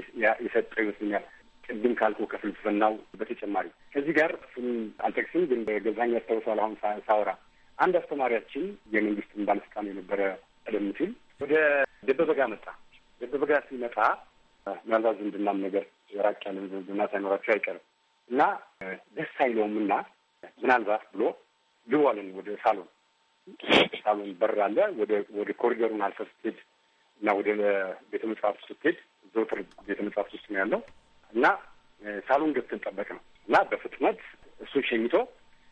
የሰጠው ይመስለኛል። ቅድም ካልኩ ከፍልስፍናው በተጨማሪ ከዚህ ጋር ስም አልጠቅስም፣ ግን በገዛኝ ያስታውሰዋል አሁን ሳወራ አንድ አስተማሪያችን የመንግስትን ባለስልጣን የነበረ ቀደም ሲል ወደ ደበበጋ መጣ። ደበበጋ ሲመጣ ምናልባት ዝምድናም ነገር የራቅ ያለ ዝምድና ሳይኖራቸው አይቀርም እና ደስ አይለውም እና ምናልባት ብሎ ግቡ ወደ ሳሎን። ሳሎን በር አለ። ወደ ኮሪደሩን አልፈህ ስትሄድ እና ወደ ቤተ መጽሐፍት ስትሄድ ዘውትር ቤተ መጽሐፍት ውስጥ ነው ያለው እና ሳሎን ገብተን ጠበቅ ነው እና በፍጥነት እሱን ሸኝቶ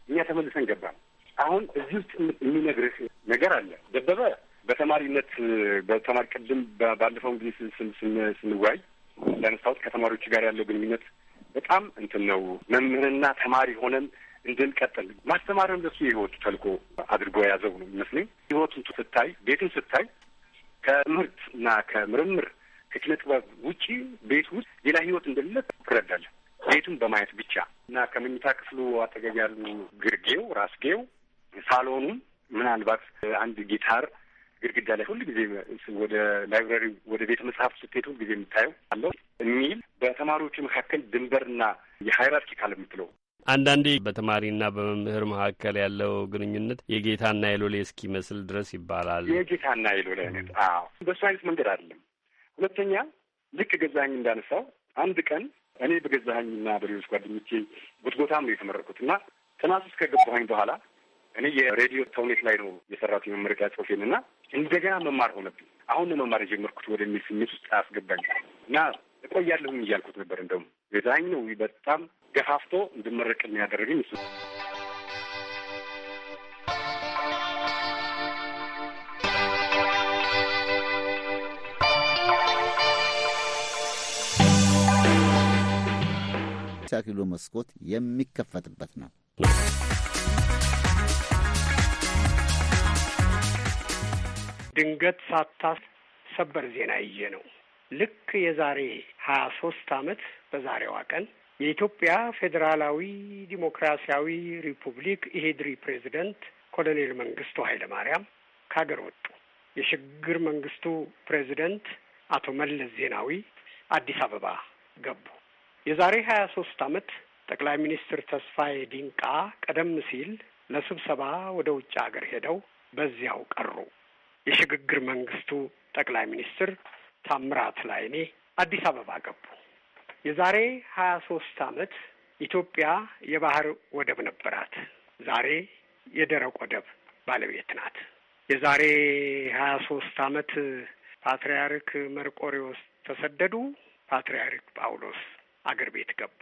እኛ ተመልሰን ገባን። አሁን እዚህ ውስጥ የሚነግርህ ነገር አለ ደበበ በተማሪነት በተማሪ ቅድም ባለፈው ጊዜ ስንወያይ ለመስታወት ከተማሪዎች ጋር ያለው ግንኙነት በጣም እንትን ነው። መምህርና ተማሪ ሆነን እንድንቀጥል ማስተማሪያም ለሱ የህይወቱ ተልእኮ አድርጎ የያዘው ነው ይመስለኝ። ህይወቱን ስታይ፣ ቤትን ስታይ ከምህርት እና ከምርምር ከኪነ ጥበብ ውጪ ቤት ውስጥ ሌላ ህይወት እንደሌለ ትረዳለህ። ቤቱን በማየት ብቻ እና ከመኝታ ክፍሉ አጠገብ ያሉ ግርጌው፣ ራስጌው ሳሎኑ ምናልባት አንድ ጊታር ግድግዳ ላይ ሁልጊዜ ወደ ላይብራሪ ወደ ቤተ መጽሐፍት ስትሄድ ጊዜ የምታየው አለው የሚል በተማሪዎቹ መካከል ድንበርና የሀይራርኪ ካል የምትለው አንዳንዴ በተማሪና በመምህር መካከል ያለው ግንኙነት የጌታና የሎሌ እስኪመስል ድረስ ይባላል። የጌታና የሎሌ አይነት። አዎ፣ በሱ አይነት መንገድ አይደለም። ሁለተኛ ልክ ገዛኝ እንዳነሳው አንድ ቀን እኔ በገዛኝና በሌሎች ጓደኞቼ ጉትጎታም ነው የተመረኩት እና ጥናት ውስጥ በኋላ እኔ የሬዲዮ ተውኔት ላይ ነው የሰራት የመመረቂያ ጽሁፌን እና እንደገና መማር ሆነብኝ። አሁን መማር የጀመርኩት ወደሚል ስሜት ውስጥ አስገባኝ እና እቆያለሁም እያልኩት ነበር። እንደውም ዛኝ ነው በጣም ገፋፍቶ እንድመረቅ የሚያደረገኝ እሱ። ሳኪሎ መስኮት የሚከፈትበት ነው። ድንገት ሳታስ ሰበር ዜና ይዤ ነው። ልክ የዛሬ ሀያ ሶስት አመት በዛሬዋ ቀን የኢትዮጵያ ፌዴራላዊ ዲሞክራሲያዊ ሪፑብሊክ ኢሄድሪ ፕሬዚደንት ኮሎኔል መንግስቱ ኃይለ ማርያም ከሀገር ወጡ። የሽግግር መንግስቱ ፕሬዚደንት አቶ መለስ ዜናዊ አዲስ አበባ ገቡ። የዛሬ ሀያ ሶስት አመት ጠቅላይ ሚኒስትር ተስፋዬ ዲንቃ ቀደም ሲል ለስብሰባ ወደ ውጭ ሀገር ሄደው በዚያው ቀሩ። የሽግግር መንግስቱ ጠቅላይ ሚኒስትር ታምራት ላይኔ አዲስ አበባ ገቡ። የዛሬ ሀያ ሶስት አመት ኢትዮጵያ የባህር ወደብ ነበራት። ዛሬ የደረቅ ወደብ ባለቤት ናት። የዛሬ ሀያ ሶስት አመት ፓትርያርክ መርቆሪዎስ ተሰደዱ። ፓትርያርክ ጳውሎስ አገር ቤት ገቡ።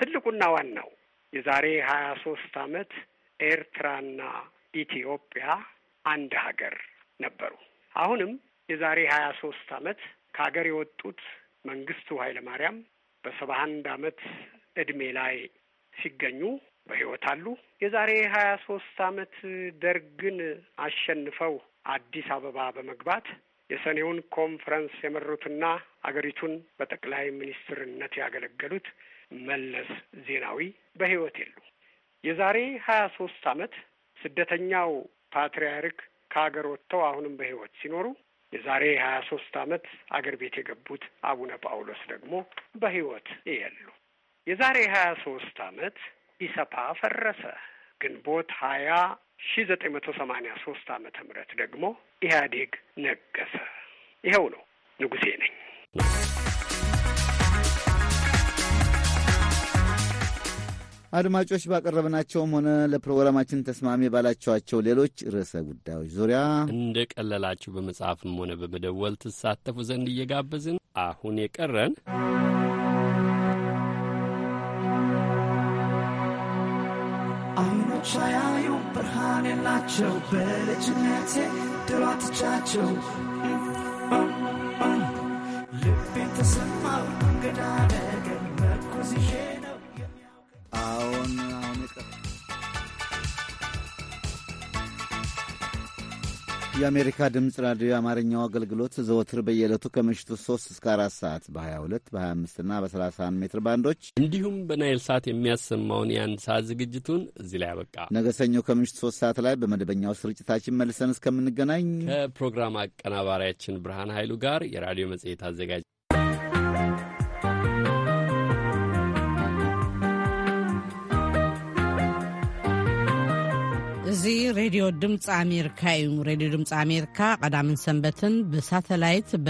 ትልቁና ዋናው የዛሬ ሀያ ሶስት አመት ኤርትራና ኢትዮጵያ አንድ ሀገር ነበሩ። አሁንም የዛሬ ሀያ ሶስት አመት ከሀገር የወጡት መንግስቱ ኃይለ ማርያም በሰባ አንድ አመት እድሜ ላይ ሲገኙ በህይወት አሉ። የዛሬ ሀያ ሶስት አመት ደርግን አሸንፈው አዲስ አበባ በመግባት የሰኔውን ኮንፈረንስ የመሩትና አገሪቱን በጠቅላይ ሚኒስትርነት ያገለገሉት መለስ ዜናዊ በህይወት የሉ። የዛሬ ሀያ ሶስት አመት ስደተኛው ፓትርያርክ ከሀገር ወጥተው አሁንም በህይወት ሲኖሩ የዛሬ ሀያ ሶስት አመት አገር ቤት የገቡት አቡነ ጳውሎስ ደግሞ በህይወት የሉ። የዛሬ ሀያ ሶስት አመት ኢሰፓ ፈረሰ። ግንቦት ሀያ ሺ ዘጠኝ መቶ ሰማኒያ ሶስት አመተ ምህረት ደግሞ ኢህአዴግ ነገሰ። ይኸው ነው። ንጉሴ ነኝ። አድማጮች ባቀረብናቸውም ሆነ ለፕሮግራማችን ተስማሚ ባላቸዋቸው ሌሎች ርዕሰ ጉዳዮች ዙሪያ እንደ ቀለላችሁ በመጽሐፍም ሆነ በመደወል ትሳተፉ ዘንድ እየጋበዝን አሁን የቀረን አይኖች ያዩ ብርሃን የላቸው በልጅነቴ ድሯትቻቸው ልቤ ተሰማው እንግዳ ነገር መኮዝሽ አሁን አሁን የአሜሪካ ድምፅ ራዲዮ የአማርኛው አገልግሎት ዘወትር በየዕለቱ ከምሽቱ 3 እስከ 4 ሰዓት በ22 በ25 እና በ31 ሜትር ባንዶች እንዲሁም በናይል ሰዓት የሚያሰማውን የአንድ ሰዓት ዝግጅቱን እዚህ ላይ ያበቃ። ነገ ሰኞ ከምሽቱ 3 ሰዓት ላይ በመደበኛው ስርጭታችን መልሰን እስከምንገናኝ ከፕሮግራም አቀናባሪያችን ብርሃን ኃይሉ ጋር የራዲዮ መጽሔት አዘጋጅ እዚ ሬድዮ ድምፂ ኣሜሪካ እዩ ሬድዮ ድምፂ ኣሜሪካ ቀዳምን ሰንበትን ብሳተላይት